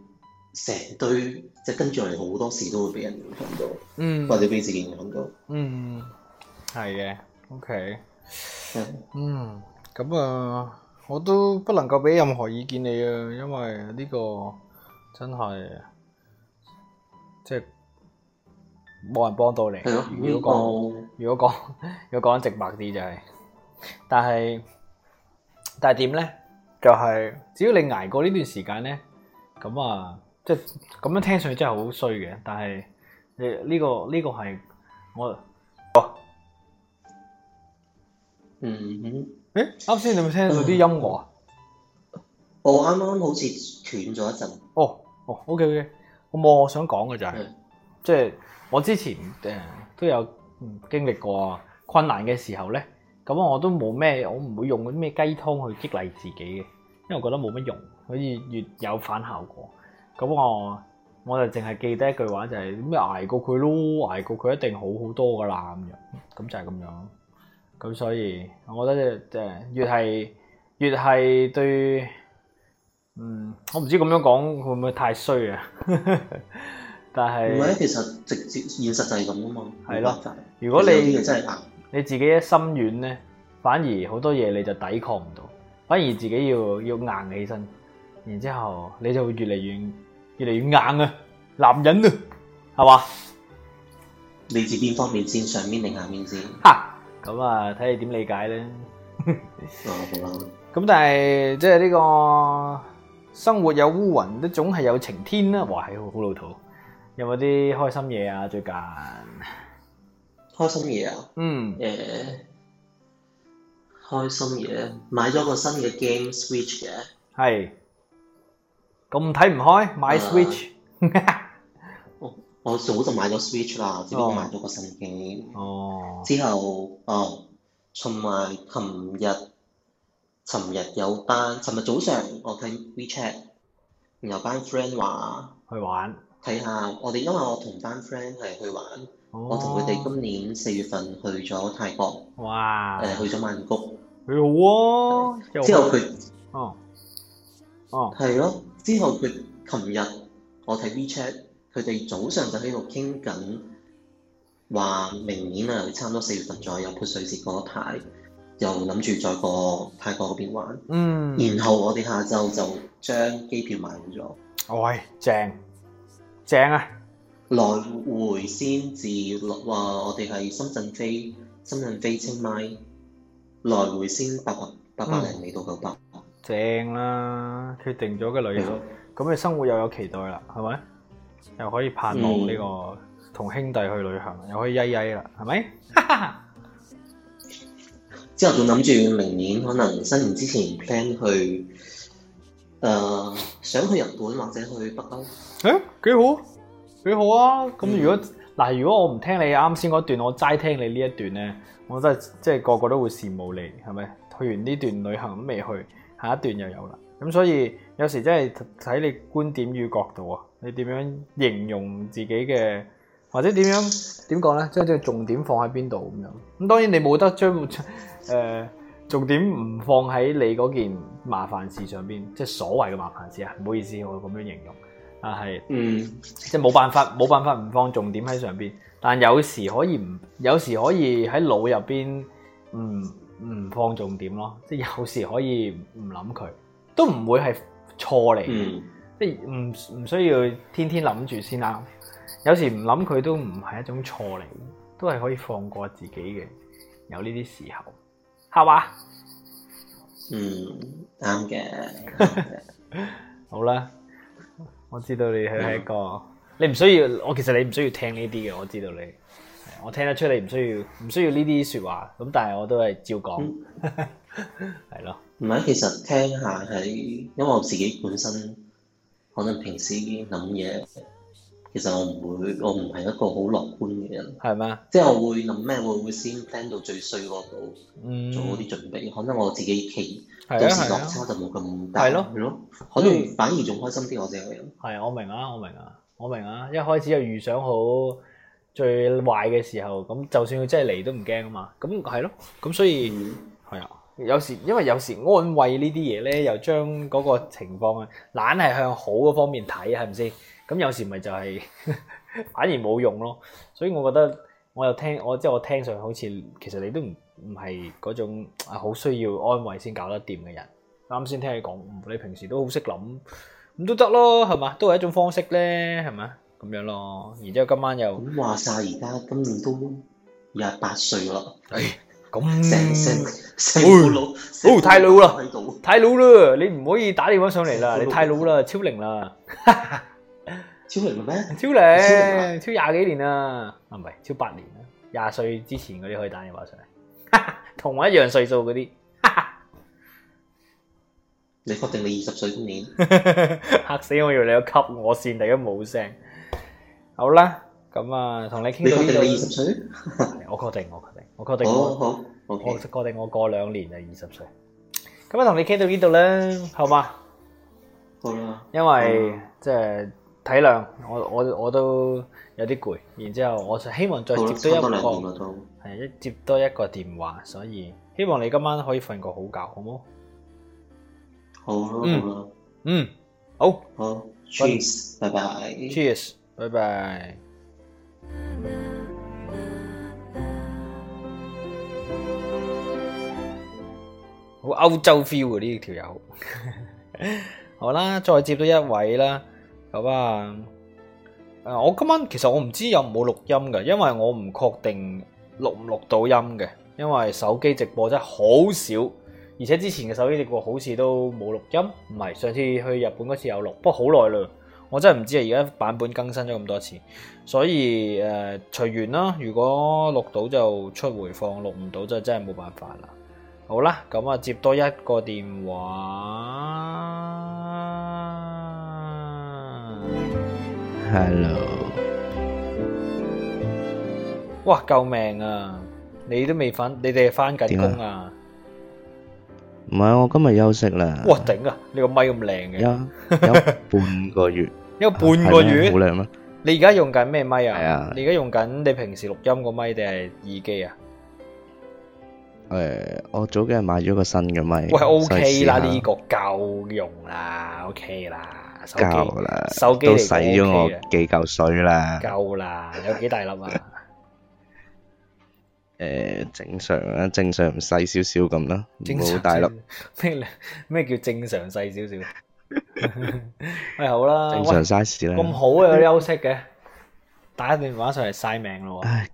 成堆即係跟住嚟，好多時都會俾人影響到。嗯，或者俾自己影響到。嗯，係嘅。OK，嗯，咁啊，我都不能夠俾任何意見你啊，因為呢個真係即係冇人幫到你。如果講，如果講，如果講直白啲就係，但係但係點咧？就係只要你捱過呢段時間咧，咁啊～即係咁樣聽上去真係好衰嘅，但係誒，呢個呢、呢個係我，我剛剛，哦，嗯嗯，誒啱先你有冇聽到啲音樂啊？我啱啱好似斷咗一陣。哦哦，OK OK，我我想講嘅就係，的即係我之前誒、呃、都有經歷過困難嘅時候咧，咁我都冇咩，我唔會用嗰啲咩雞湯去激勵自己嘅，因為我覺得冇乜用，所以越有反效果。咁我我就淨係記得一句話就係咩挨過佢咯，挨過佢一定好好多噶啦咁樣，咁就係咁樣。咁所以我覺得即係越係越係對，嗯，我唔知咁樣講會唔會太衰啊？ 但係是其實直接現實就係咁啊嘛。係咯的，如果你真你自己一心軟咧，反而好多嘢你就抵抗唔到，反而自己要要硬起身。然之後你就會越嚟越越嚟越硬啊，男人啊，係嘛？你自邊方面先？上面定下面先？吓咁啊，睇你點理解咧。咁、 嗯嗯、但係即係呢、這個生活有烏雲，都總係有晴天啦、啊。哇，係好老土。有冇啲開心嘢啊？最近開心嘢啊？嗯，誒，yeah, 開心嘢，買咗個新嘅 Game Switch 嘅。係。咁睇唔開，買 Switch。Uh, 我早就買咗 Switch 啦，只不過買咗個神機。哦。Uh, 之後，哦，同埋琴日，琴日有班，琴日早上我睇 WeChat，然後有班 friend 話去玩，睇下我哋，因為我同班 friend 係去玩。Oh, 我同佢哋今年四月份去咗泰國。哇 Wow。誒、呃，去咗曼谷。幾好喎的！之後佢。哦、oh. oh.。哦。係咯。之後佢琴日我睇 WeChat，佢哋早上就喺度傾緊，話明年啊，差唔多四月份左右潑水節嗰一排，又諗住再過泰國嗰邊玩。嗯。然後我哋下晝就將機票買咗。哦、哎，係正，正啊！來回先至，話我哋係深圳飛，深圳飛清邁，來回先八百八百零，尾到九百。正啦，決定咗嘅旅行，咁、嗯、你生活又有期待啦，係咪？又可以盼望呢、呢個同、嗯、兄弟去旅行，又可以曳曳啦，係咪？之後仲諗住明年可能新年之前 plan 去，誒、呃、想去日本或者去北歐，誒幾、欸、好幾好啊！咁如果嗱，嗯、如果我唔聽你啱先嗰段，我齋聽你呢一段咧，我真係即係個個都會羨慕你，係咪？去完呢段旅行都未去。下一段又有啦，咁所以有時真係睇你觀點與角度啊，你點樣形容自己嘅，或者點樣點講呢？即係即重點放喺邊度咁樣。咁當然你冇得將誒、呃、重點唔放喺你嗰件麻煩事上邊，即、就、係、是、所謂嘅麻煩事啊，唔好意思我咁樣形容，但係、嗯、即係冇辦法冇辦法唔放重點喺上邊，但有時可以唔有時可以喺腦入邊嗯。唔放重點咯，即係有時可以唔諗佢，都唔會係錯嚟嘅，即係唔唔需要天天諗住先啦。有時唔諗佢都唔係一種錯嚟嘅，都係可以放過自己嘅。有呢啲時候係嘛？吧嗯，啱嘅。 好啦，我知道你係一個，嗯、你唔需要，我其實你唔需要聽呢啲嘅，我知道你。我聽得出你唔需要唔需要呢啲説話，咁但係我都係照講，係咯、嗯。唔係 的，其實聽下係因為我自己本身可能平時已經諗嘢，其實我唔會，我唔係一個好樂觀嘅人。係咩嗎？即係我會諗咩，我會,會先 plan 到最衰嗰度，嗯、做好啲準備。可能我自己企有的時落差就冇咁大，係咯，係咯。可能反而仲開心啲，我自己個人。係，我明啊，我明啊，我明啊，一開始就預想好。最壞嘅時候，咁就算佢真係嚟都唔驚啊嘛，咁係咯，咁所以係啊，有時因為有時安慰呢啲嘢咧，又將嗰個情況啊，懶係向好嗰方面睇，係咪先？咁有時咪就係， 反而冇用咯。所以我覺得我又聽我即係我聽上去好似，其實你都唔唔係嗰種啊好需要安慰先搞得掂嘅人。啱先聽你講，你平時都好識諗，咁都得咯，係嘛？都係一種方式咧，係嘛？咁樣咯，然之後今晚又咁話晒，而家今年都廿八歲啦。唉、哎，咁成成成老，哦、太老啦，太老啦！老老你唔可以打電話上嚟啦，你太老啦，超齡啦。超齡啦咩？超齡超廿幾年啦，唔係超八年啦。廿歲之前嗰啲可以打電話上嚟，同我一樣歲數嗰啲。哈哈，你確定你二十歲今年？吓 死我！我以為你有吸我線，第一冇聲。好啦，咁啊，同你傾到呢度二十歲，我確定，我確定，我確定，我我確定我過兩年就二十歲。咁啊，同你傾到呢度啦，好嘛？好啦。因為即係體諒我，我我都有啲攰，然之後我希望再接多一個，係一接多一個電話，所以希望你今晚可以瞓個好覺，好冇？好好啦，嗯，好，好，Cheers，拜拜，Cheers。拜拜。好歐洲 feel 啊呢條友， 好啦，再接多一位啦，好吧？誒、呃，我今晚其實我唔知有冇錄音嘅，因為我唔確定錄唔錄到音嘅，因為手機直播真係好少，而且之前嘅手機直播好似都冇錄音，唔係上次去日本嗰次有錄，不過好耐啦。我真係唔知啊！而家版本更新咗咁多次，所以誒、呃、隨緣啦。如果錄到就出回放，錄唔到就真係冇辦法啦。好啦，咁啊接多一個電話。Hello！哇，救命啊！你都未返，你哋係返緊工啊？唔係，我今日休息啦。哇，頂啊！你個咪咁靚嘅，有，有半個月，有半個月，係咪好靚咩？你而家用緊咩咪啊？你而家用緊你平時錄音個咪定係耳機啊？誒，我早幾日買咗個新嘅咪。喂，OK 啦，呢個夠用啦，OK 啦，夠啦，手機都使咗我幾嚿水啦，夠啦，有幾大粒啊？誒，正常啦，正常細少少咁啦，唔好大粒。咩咩叫正常細少少？喂，好啦，正常 size 啦。咁好啊，休息嘅。打電話上嚟晒命咯喎。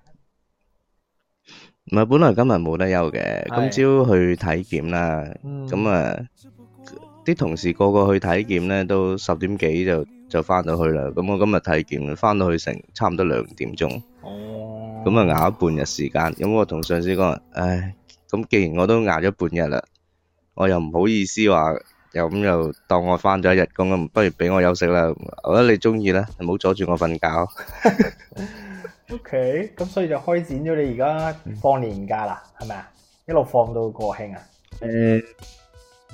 唔係，本來今日冇得休嘅，今朝去體檢啦。咁啊，啲同事個個去體檢咧，都十點幾就就翻到去啦。咁我今日體檢，翻到去成差唔多兩點鐘。哦。咁啊，熬咗半日時間，咁我同上司講：唉，咁既然我都熬咗半日啦，我又唔好意思話，又咁又當我翻咗一日工咁，不如俾我休息啦。我覺得你中意啦，你唔好阻住我瞓覺。OK，咁所以就開展咗。你而家放年假啦，係咪啊？一路放到國慶啊？誒，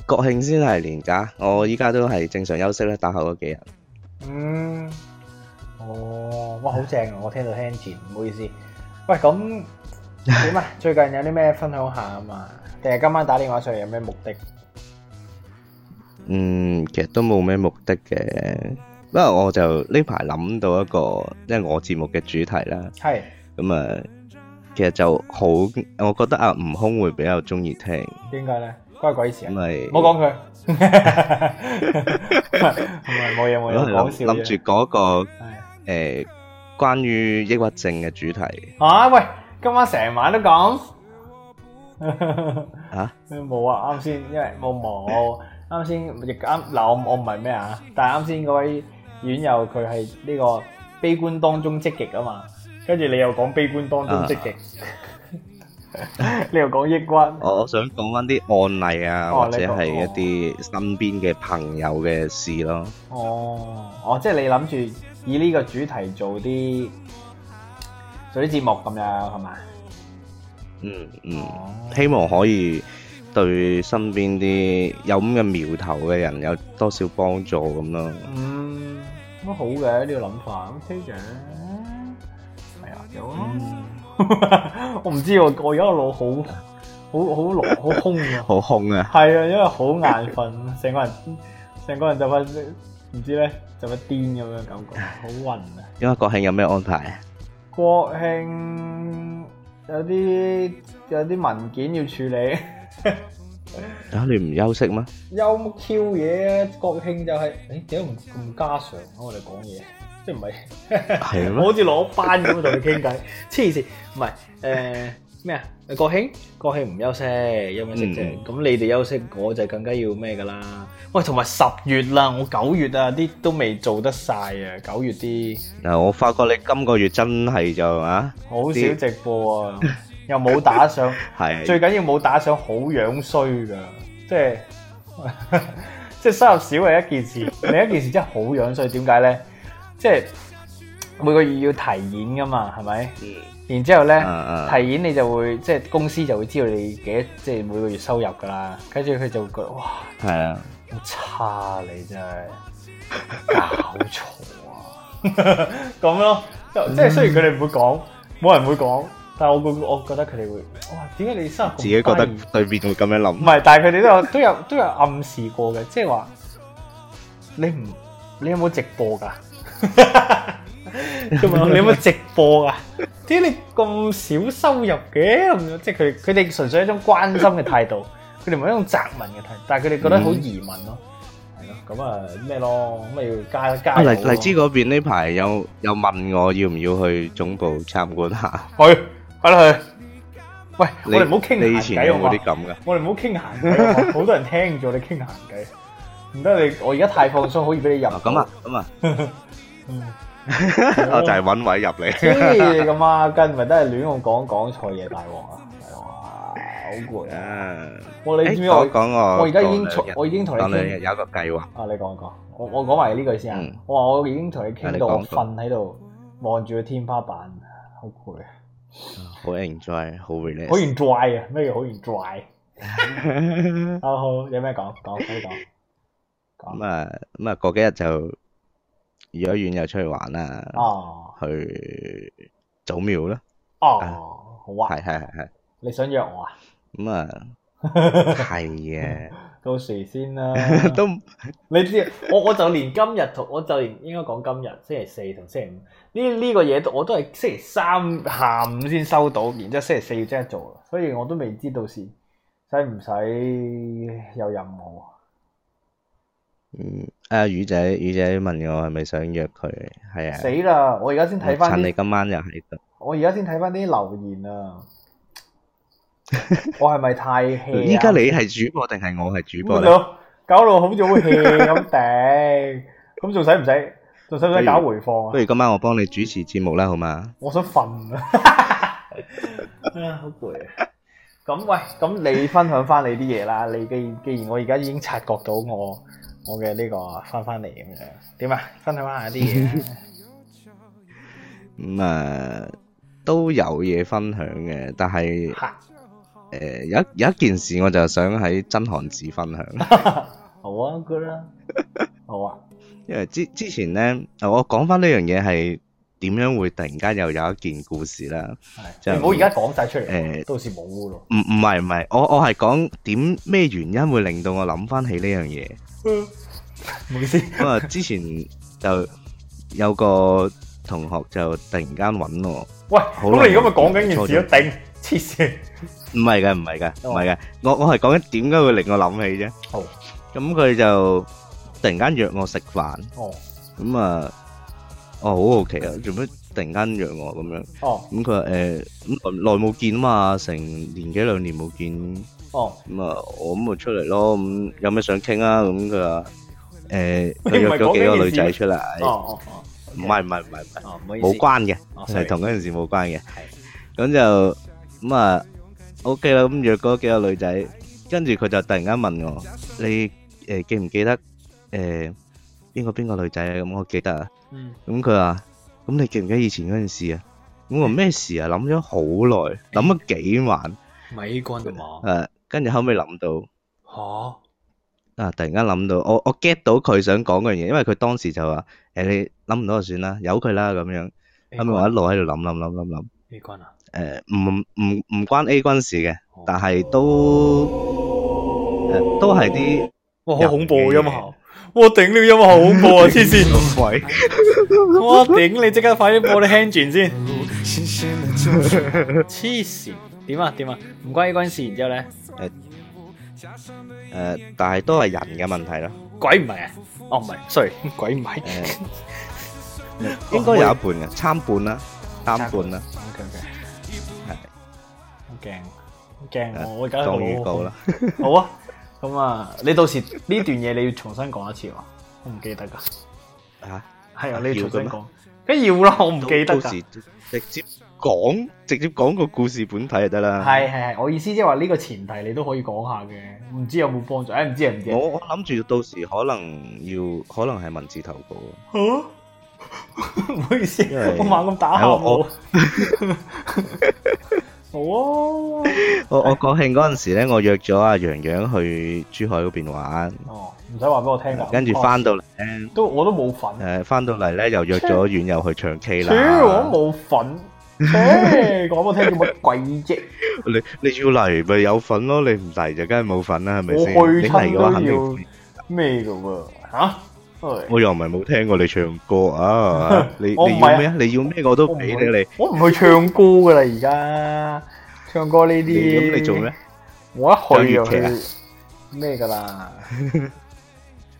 國慶先係年假，我依家都係正常休息啦，打後嗰幾日。嗯，哦，哇，好正啊！我聽到聽前，唔好意思。喂，咁點啊？最近有啲咩分享下啊嘛？定係今晚打電話上嚟有咩目的？嗯，其實都冇咩目的嘅，不過我就呢排諗到一個，即係我節目嘅主題啦。係咁啊，其實就好，我覺得阿悟空會比較中意聽。點解咧？關鬼事。唔係，我講佢，唔係冇嘢，冇嘢講笑嘅。諗住嗰個誒。關於抑鬱症嘅主題啊！喂，今晚成晚都講啊？冇啊，啱先因為冇冇，啱先亦啱嗱我我唔係咩啊，但係啱先嗰位院友佢係呢個悲觀當中積極啊嘛，跟住你又講悲觀當中積極。你要講抑鬱？我我想講翻啲案例啊，或者係一啲身邊嘅朋友嘅事咯。哦，哦，即係你諗住以呢個主題做啲做啲節目咁樣係嘛？嗯嗯。哦，希望可以對身邊啲有咁嘅苗頭嘅人有多少幫助咁咯。嗯，乜好嘅呢個諗法，O K 嘅。係啊，有啊。 我唔知道我而家個腦好，好好濃，好，好，好啊 空啊，好空啊，係啊，因為好眼瞓，成個人，成個人就快，唔知咧，就快癲咁樣感覺，好暈啊。因為國慶有咩安排，啊？國慶有啲有啲文件要處理。啊， 你唔休息咩？休乜 Q 嘢？啊？國慶就係，是，誒、欸，點解唔咁家常啊？我哋講嘢。即係唔係？係咩？我好似攞班咁同你傾偈，黐線！唔係誒咩啊？國慶國慶唔休息，有冇休息啫？咁你哋休息，我就更加要咩噶啦？喂，同埋十月啦，我九月啊啲都未做得晒啊，九月啲。嗱，我發覺你今個月真係就啊，好少直播啊，又冇打賞，係最緊要冇打賞，好樣衰噶，即係即係收入少係一件事，另一件事真係好樣衰，點解咧？即係每個月要提現噶嘛，係咪？然之後咧，提現你就會即係公司就會知道你幾即係每個月收入噶啦。跟住佢就會覺哇，係啊，好差你真係搞錯啊！咁咯，即係雖然佢哋唔會講，冇人會講，但係我會我覺得佢哋會，哇，點解你收入？自己覺得對面會咁樣諗？唔係，但係佢哋都有都有都有暗示過嘅，即係話你唔你有冇直播噶？做咩？你有冇直播啊？點解你咁少收入嘅？咁樣即係佢佢哋純粹一種關心嘅態度，佢哋唔係一種責問嘅態度，但係佢哋覺得好疑問咯。係咯，咁啊咩咯？咁咪要加一加荔荔枝嗰邊呢排有有問我要唔要去總部參觀下？去，快啦去！喂，我哋唔好傾偈喎啲咁噶，我哋唔好傾閒，好多人聽咗你傾閒偈，唔得你我而家太放鬆，可以俾你入咁啊咁啊。嗯、 我就係揾位入嚟，哦，咁啊，跟咪都係亂用講講錯嘢大王啊，啊、欸，好攰啊！我你知唔知我我而家已經同我已經同你傾有個計劃，啊，你講講，我我講埋呢句先啊，我話、嗯、我已經同你傾到瞓喺度，望住個天花板，好攰啊，好 enjoy，好 relax 好 enjoy 啊，咩叫好 enjoy？好好，有咩講講，可以講。咁啊咁啊，過、嗯那個、幾日就。如果遠又出去玩啦，哦，去祖廟咯。哦，好啊，係係係係。你想約我啊？咁啊，係嘅。到時先啦。都不，你知我我就連今日同我就連應該講今日星期四同星期五呢呢個嘢，我都係星期三下午先收到，然之後星期四要即刻做，所以我都未知道到時使唔使有任務。嗯，阿宇仔，宇仔問我係咪想約佢，係啊。死啦！我而家先睇翻。趁你今晚又喺度。我而家先睇翻啲留言啊！我係咪太 hea？依家你係主播定係我係主播咧？搞到好咗好 hea 咁定，咁仲使唔使？仲使唔使搞回放啊？不如今晚我幫你主持節目啦，好嘛？我想瞓啊！啊，好攰。咁喂，咁你分享翻你啲嘢啦。你既既然我而家已經察覺到我。我嘅呢個翻翻嚟，咁樣點啊？分享翻下啲嘢咁啊，都有嘢分享嘅，但係誒有有一件事，我就想喺真漢子分享。好啊，good 啦，好啊。因為之之前咧，我講翻呢樣嘢係點樣會突然間又有一件故事啦。就唔好而家講晒出嚟誒，到時冇咯。唔唔係唔係，我我係講點咩原因會令到我諗翻起呢樣嘢。唔好意思，咁啊，之前就有個同學就突然間搵我，喂，咁你而家咪講緊件事啊？頂，黐線，唔係嘅，唔係嘅，唔係嘅，我我係講緊點解會令我諗起啫。哦，咁佢就突然間約我食飯。哦，咁啊，我好好奇啊，做咩突然間約我咁樣？哦，咁佢話誒，咁耐耐冇見啊嘛，成年幾兩年冇見。哦，咁啊，我咁咪出嚟咯，咁有咩想傾啊？咁佢話，誒，佢約咗幾個女仔出嚟。哦哦哦，唔係唔係唔係唔係，冇關嘅，就係同嗰陣時冇關嘅。係，咁就咁啊，OK 啦。咁約嗰幾個女仔，跟住佢就突然間問我，你誒記唔記得誒邊個邊個女仔啊？咁我記得啊。嗯。咁佢話，咁你記唔記得以前嗰件事啊？我話咩事啊？諗咗好耐，諗咗幾晚。美軍啊？誒。跟住後尾諗到，吓，啊！突然間諗到，我我 get 到佢想講嗰樣嘢，因為佢當時就話，誒，你諗唔到就算啦，由佢啦咁樣。咁我一路喺度諗諗諗諗諗。A 軍啊？誒，唔唔唔關 A 軍事嘅，但係都，都係啲，哇！好恐怖音樂，哇！頂你音樂好恐怖啊！黐線，喂，我頂你，即刻快啲幫你輕轉先，黐線。點啊點啊，唔關於嗰件事，然之後咧，誒誒，但係都係人嘅問題咯。鬼唔係啊，哦唔係，sorry，鬼唔係，應該有一半嘅，參半啦，參半啦。係，好驚，驚我，我而家好。做預告啦，好啊，咁啊，你到時呢段嘢你要重新講一次喎，我唔記得噶，吓，係啊，你要咁講，梗要啦，我唔記得噶。講直接講個故事本體就得啦。係係係，我意思即係話呢個前提你都可以講下嘅，唔知有冇幫助？誒，唔知唔知。我我諗住到時可能要，可能係文字投稿。好，唔好意思，我猛咁打下我。好啊。我我國慶嗰陣時咧，我約咗阿洋洋去珠海嗰邊玩。哦，唔使話俾我聽啊！跟住翻到嚟，都我都冇瞓。誒，翻到嚟咧又約咗院友去唱 K 啦。屌，我冇瞓。誒，講我聽啲乜鬼啫！你你要嚟，咪有份咯，你唔嚟就梗係冇份啦，係咪先？你嚟嘅話肯定咩噶喎？吓！我又唔係冇聽過你唱歌啊！你你要咩啊？你要咩我都俾你你。我唔去唱歌噶啦，而家唱歌呢啲。咁你做咩？我去啊！咩噶啦？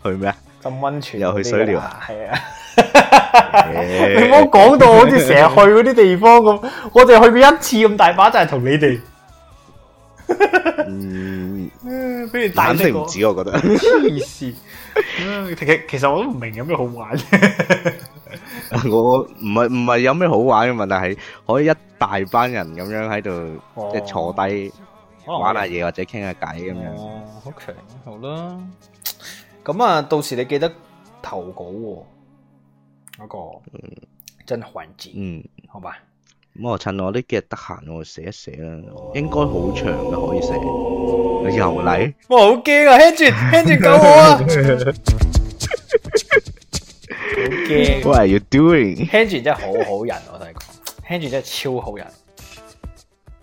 去咩啊？浸温泉又去水療啊？係啊！ 你唔好講到好似成日去嗰啲地方咁，我就去邊一次咁大把，就係、是、同你哋。 嗯，俾人帶唔止我覺得。是啊我，其 其實我都唔明有咩好玩。 我唔係唔係有咩好玩嘅問題，係可以一大班人咁樣喺度、哦、即係坐低玩下嘢或者傾下偈咁樣。Okay, 好 K，好啦，咁啊，到時你記得投稿、哦。嗰個真係環節，嗯，好吧。咁我趁我呢幾日得閒，我寫一寫啦。應該好長嘅，可以寫。又嚟，哇！好驚啊，Henry，Henry 救我啊！好驚，What are you doing？Henry 真係好好人，我同你講，Henry 真係超好人。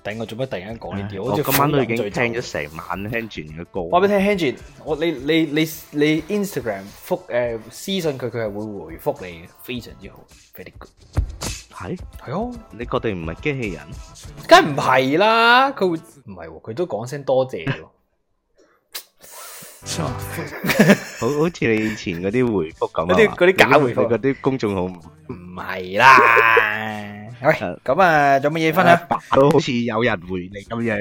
頂我做乜？突然間講呢啲，好似今晚都已經聽咗成晚 Hanging 嘅歌。我俾聽 Hanging，我你你你你 Instagram 覆誒私信佢，佢係會回覆你，非常之好，very good。係係哦，你確定唔係機器人？梗係唔係啦，佢會唔係？佢都講聲多謝。錯，好好似你以前嗰啲回覆咁啊，嗰啲嗰啲假回覆，嗰啲公眾號唔係啦。喂，咁啊，有冇嘢分啊？都好似有人回嚟咁樣。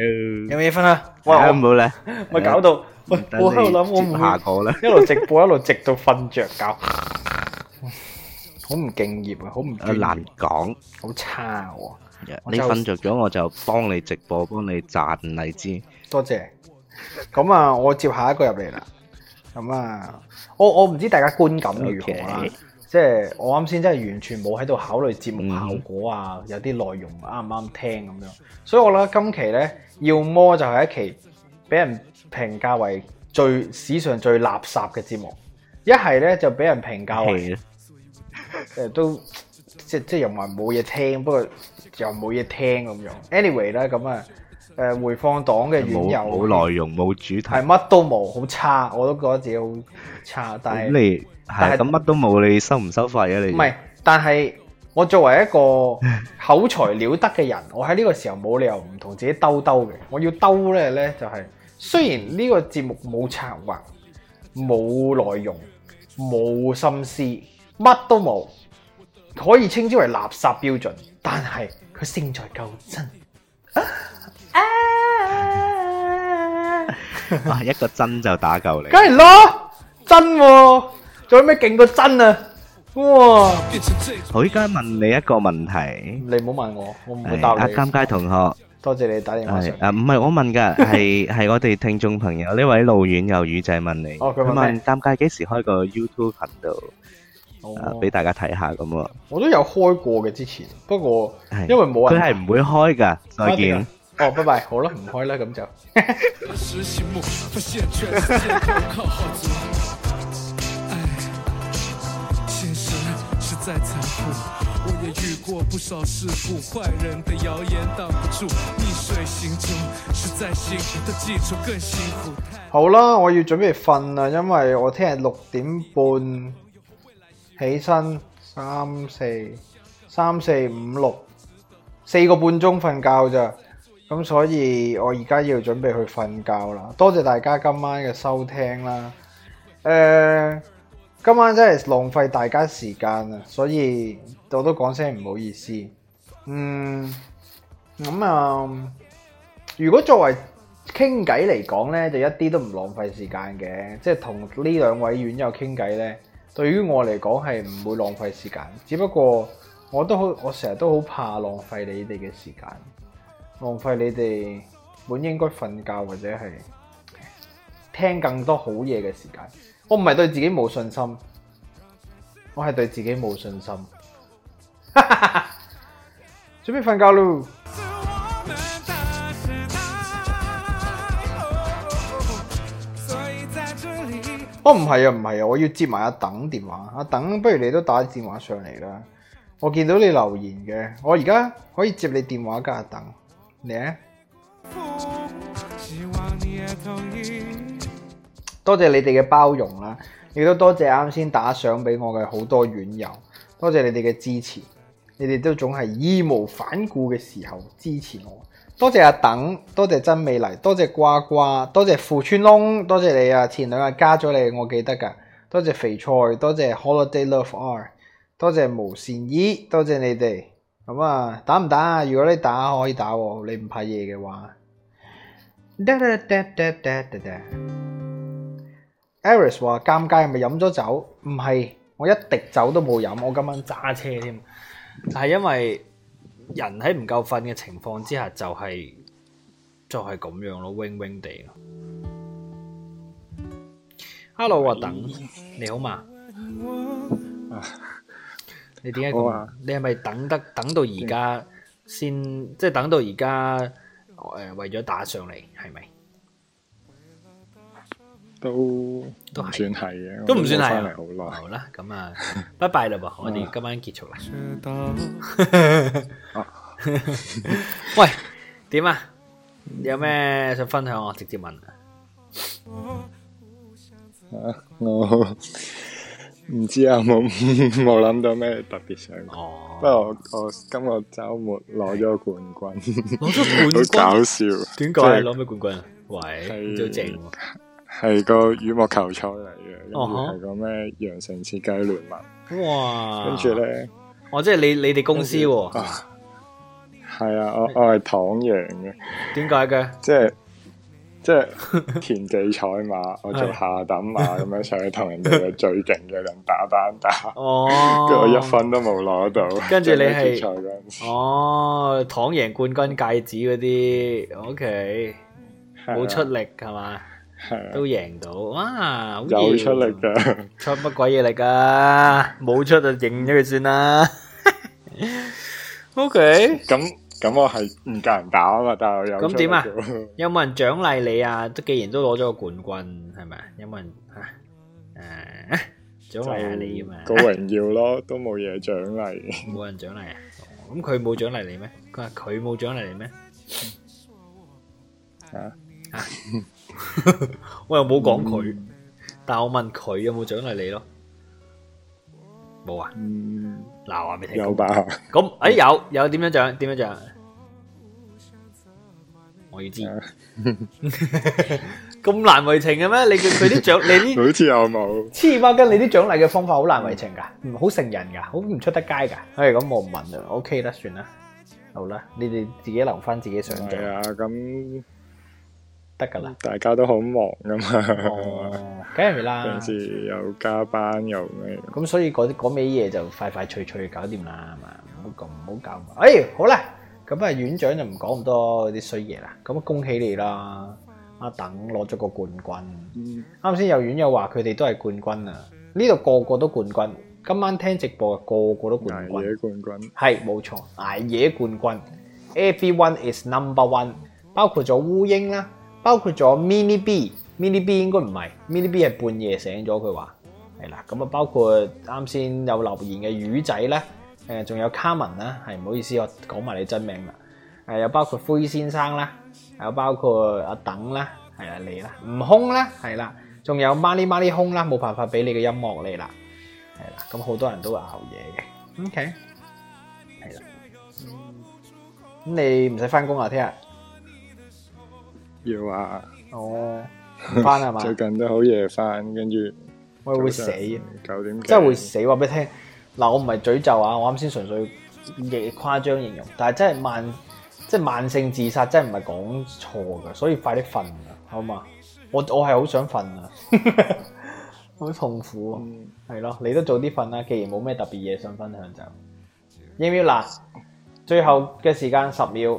有冇嘢分啊？哇，好唔好咧？咪搞到，我喺度諗，我唔，一路直播一路直到瞓着覺，好唔敬業啊，好唔難講，好差喎。你瞓着咗我就幫你直播，幫你賺荔枝。多謝。咁啊，我接下一個入嚟啦。咁啊，我我唔知大家觀感如何啦。即係我啱先，真係完全冇喺度考慮節目效果啊！有啲內容啱唔啱聽咁樣，嗯、所以我覺得今期咧，要麼就係一期俾人評價為最史上最垃圾嘅節目，一係咧就俾人評價為誒的、呃、都即即又唔係冇嘢聽，不過又冇嘢聽咁樣。anyway 咧，咁啊誒，回放黨嘅院友冇內容，冇主題，係乜都冇，好差，我都覺得自己好差，但係。係，但係咁乜都冇，你收唔收費啊？你唔係，但係我作為一個口才了得嘅人，我喺呢個時候冇理由唔同自己兜兜嘅。我要兜咧咧，就係雖然呢個節目冇策劃、冇內容、冇心思，乜都冇，可以稱之為垃圾標準，但係佢勝在夠真。啊！一個真就打夠你，梗係咯，真喎。仲有咩勁過真啊！哇！我依家問你一個問題，你唔好問我，我唔會答你。係阿尷尬同學，多謝你打電話。係啊，唔係我問㗎，係係我哋聽眾朋友呢位路遠有雨仔問你，佢問尷尬幾時開個 YouTube 頻道，俾大家睇下咁咯。我都有開過嘅之前，不過因為冇人，佢係唔會開㗎。再見。哦，拜拜，好啦，唔開啦，咁就。好啦，我要準備瞓啦，因為我聽日六點半起身，三四三四五六四個半鐘瞓覺咋！咁所以我而家要準備去瞓覺啦。多謝大家今晚嘅收聽啦，誒、呃。今晚真係浪費大家時間啊，所以我都講聲唔好意思。嗯，咁啊，如果作為傾偈嚟講咧，就一啲都唔浪費時間嘅。即係同呢兩位院友傾偈咧，對於我嚟講係唔會浪費時間。只不過我都好，我成日都好怕浪費你哋嘅時間，浪費你哋本應該瞓覺或者係聽更多好嘢嘅時間。我唔係對自己冇信心，我係對自己冇信心。哈 哈準備瞓覺咯。我唔係、哦哦、啊，唔係啊，我要接埋阿等電話。阿等，不如你都打電話上嚟啦。我見到你留言嘅，我而家可以接你電話㗎。阿等。希望你咧？多謝你哋嘅包容啦，亦都多謝啱先打賞俾我嘅好多院友，多謝你哋嘅支持，你哋都總係義無反顧嘅時候支持我。多謝阿等，多謝真美麗，多謝瓜瓜，多謝富川窿，多謝你啊，前兩日加咗你，我記得噶。多謝肥菜，多謝 Holiday Love R，多謝無線衣，多謝你哋。咁啊，打唔打？如果你打可以打喎，你唔怕夜嘅話。Eris 話尷尬係咪飲咗酒？唔係，我一滴酒都冇飲，我今晚揸車添，就係因為人喺唔夠瞓嘅情況之下，就是，就係就係咁樣咯，wing wing 地 Hello，我等 Hi. 你好嘛？ 你點解講？啊、你係咪等得等到而家先？嗯、即係等到而家誒，為咗打上嚟係咪？是都都唔算係嘅，都唔算係啊。好啦，咁啊，拜拜啦，我哋今晚結束啦。喂，點啊？有咩想分享我直接問啊！我唔知啊，冇冇諗到咩特別想講，不過我今個周末攞咗冠軍，攞咗冠軍，好搞笑，點解攞咩冠軍啊？喂，最正。係個羽毛球賽嚟嘅，跟住係個咩羊城設計聯盟。哇！跟住咧，哦，即係你你哋公司喎。係啊，我我係躺贏嘅。點解嘅？即係即係田忌賽馬，我做下等馬咁樣上去同人哋嘅最勁嘅人打單打。哦，跟住我一分都冇攞到。跟住你係哦，躺贏冠軍戒指嗰啲，OK，冇出力係嘛？都贏到，哇！有出力噶，出乜鬼嘢力噶？冇出就認咗佢算啦。O K，咁咁我係唔夠人打啊嘛，但係有咁點啊？有冇人獎勵你啊？都既然都攞咗個冠軍，係咪啊？有冇人啊？誒，獎勵下你啊嘛？高榮耀咯，都冇嘢獎勵，冇人獎勵啊？咁佢冇獎勵你咩？佢話佢冇獎勵你咩？啊啊！我又冇講佢，但我問佢有冇獎勵你咯？冇啊？嗱，話俾你聽有吧？咁哎有，有點樣獎，點樣獎？我要知，咁難為情嘅咩？你佢啲獎，你啲好似又冇，黐孖筋，你啲獎勵嘅方法好難為情噶，唔好成人噶，好唔出得街噶。哎，咁我唔問啦，OK 啦，算啦，好啦，你哋自己留翻自己想象。係啊，咁。得噶啦，大家都好忙噶嘛，梗係、哦、啦。跟住又加班又咩，咁所以嗰啲嗰咩嘢就快快脆脆搞掂啦，係嘛，唔好咁唔好搞埋。哎，好啦，咁啊院長就唔講咁多啲衰嘢啦，咁恭喜你啦，阿等攞咗個冠軍。啱先、嗯、有院友話佢哋都係冠軍啊，呢度個個都冠軍，今晚聽直播個個，個都冠軍。挨夜冠軍係冇錯，挨夜冠軍，everyone is number one，包括咗烏蠅啦。包括咗 mini B，mini B 應該唔係，mini B 係半夜醒咗佢話係啦，咁啊包括啱先有留言嘅魚仔啦，誒仲有卡文啦，係唔好意思我講埋你真名啦，誒有包括灰先生啦，有包括阿等啦，係啊你啦，悟空啦，係啦，仲有 money money 空啦，冇辦法俾你嘅音樂嚟啦，係啦，咁好多人都熬夜嘅，ok 係啦，咁你唔使翻工啊聽日？要啊！哦，翻係嘛？ 最近都好夜翻，跟住我會死，九點幾即係會死。話俾你聽，嗱，我唔係詛咒啊，我啱先純粹嘅誇張形容，但係真係慢，即係慢性自殺，真係唔係講錯噶，所以快啲瞓啊，好嘛？我我係好想瞓啊，好 痛苦，啊、嗯。係咯，你都早啲瞓啦。既然冇咩特別嘢想分享就，應唔應最後嘅時間十秒。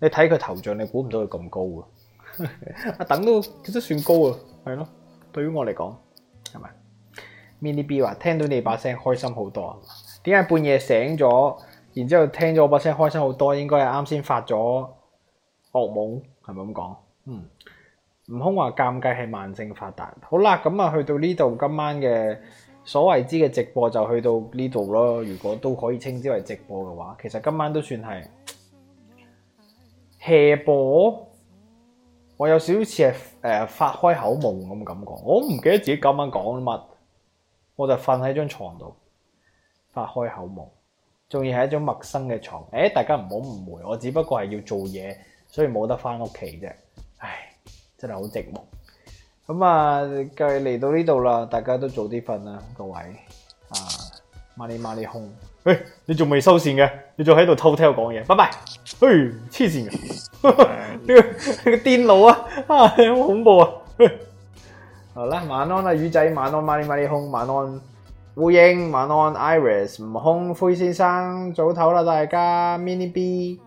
你睇佢頭像，你估唔到佢咁高啊。阿 等都其實都算高啊，係咯，對於我嚟講，係咪？Mini B 話聽到你把聲開心好多，啊。點解半夜醒咗，然之後聽咗我把聲開心好多？應該係啱先發咗噩夢，係咪咁講？是不是說嗯，悟空話尷尬係慢性發達。好啦，咁啊去到呢度，今晚嘅所謂之嘅直播就去到呢度咯。如果都可以稱之為直播嘅話，其實今晚都算係。hea 噃我有少少似係誒發開口夢咁感覺，我唔記得自己今晚講乜，我就瞓喺張床度發開口夢，仲要係一張陌生嘅床。誒、欸，大家唔好誤會，我只不過係要做嘢，所以冇得翻屋企啫。唉，真係好寂寞。咁啊，今日嚟到呢度啦，大家都早啲瞓啦，各位啊，麻利麻利空。欸、你仲未收線嘅？你仲喺度偷聽我講嘢？拜拜！嘿，黐線嘅，呢 個呢個癲佬啊，啊，好恐怖啊！好啦，晚安啊，魚仔，晚安，馬尼馬尼空，晚安，烏英，晚安，Iris，悟空，灰先生早唞啦，大家 Mini B，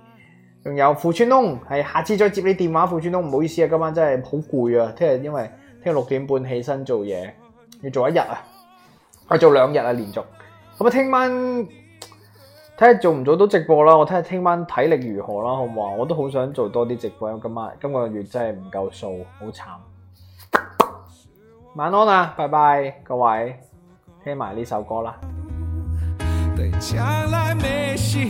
仲有傅川東，係下次再接你電話，傅川東，唔好意思啊，今晚真係好攰啊，聽日因為聽日六點半起身做嘢，要做一日啊，我、啊、做兩日啊，連續，咁啊，聽晚。睇下做唔做到直播啦，我睇下聽晚體力如何啦，好唔好啊？我都好想做多啲直播，因為今晚今個月真係唔夠數，好慘。晚安啦，拜拜，各位，聽埋呢首歌啦。將來沒心